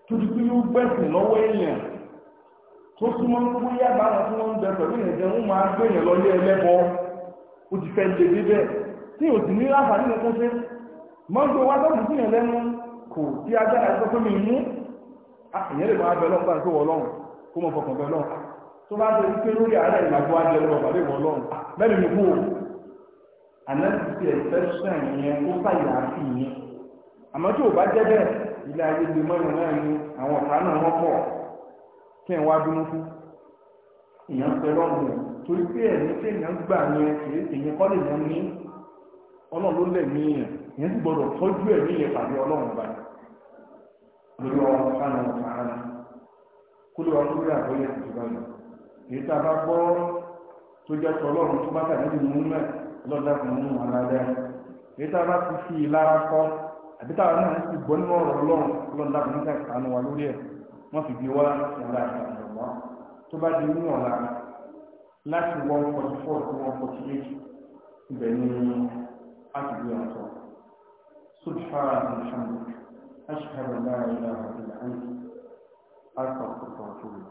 tó di pé yóò gbẹ̀sìn lọ́wọ́ èèyàn tó súnmọ́ ní gbogbo yàgbá àwọn tí wọ́n ń bẹ pẹ̀lú ìrẹ̀jẹ̀ ń máa gbé èèyàn lọ lé ẹlẹ́bọ ó ti fẹ́ lè débẹ̀ tí ò sì mọ́gbọ́n wa lọ́dún sí yẹn lẹ́nu kò tí agbára ẹgbẹ́ fún mi mú àyẹ̀lẹ̀ ah, máa bẹ lọ́gbà tó wọ lọ́run kó mọ fọkàn bẹ lọ́run ah, tó bá ti pé lórí ààrẹ ìlàgbọ́ ajẹ́ lọ́wọ́ bàbá ìwọ lọ́run ah, mẹ́rin mi kú o ànábì ti ẹ̀fẹ́ sàn yẹn ó fàyà sí yẹn àmọ́ tí ò bá jẹ́ bẹ́ẹ̀ ilé ayé lè mọ́rin náà ni àwọn ọ̀tá náà wọ́n pọ̀ kí ẹ̀ wá bínú kú èèyàn pẹ lọ́run torí pé ẹ̀mí tí èèyàn gbà yẹn kì yẹn ti gbọdọ tọ́jú ẹ̀ ní pàdé ọlọ́run ba lórí ọmọ sánà sàánà kó lè wà lórí àgbọ̀yẹ̀ ìjọba yìí èyí tá a bá gbọ́ tó jẹ́ sọ ọlọ́run tó bá tà níbi mú mẹ́ ọlọ́dà fún mú wọn lálẹ́ èyí tá a bá ti a náà ti nínú wa lórí fi gbé wá tó bá di láti one forty four to one forty eight ni a ti gbé سبحان الحمد أشهد لا إله إلا أنت أستغفرك وأتوب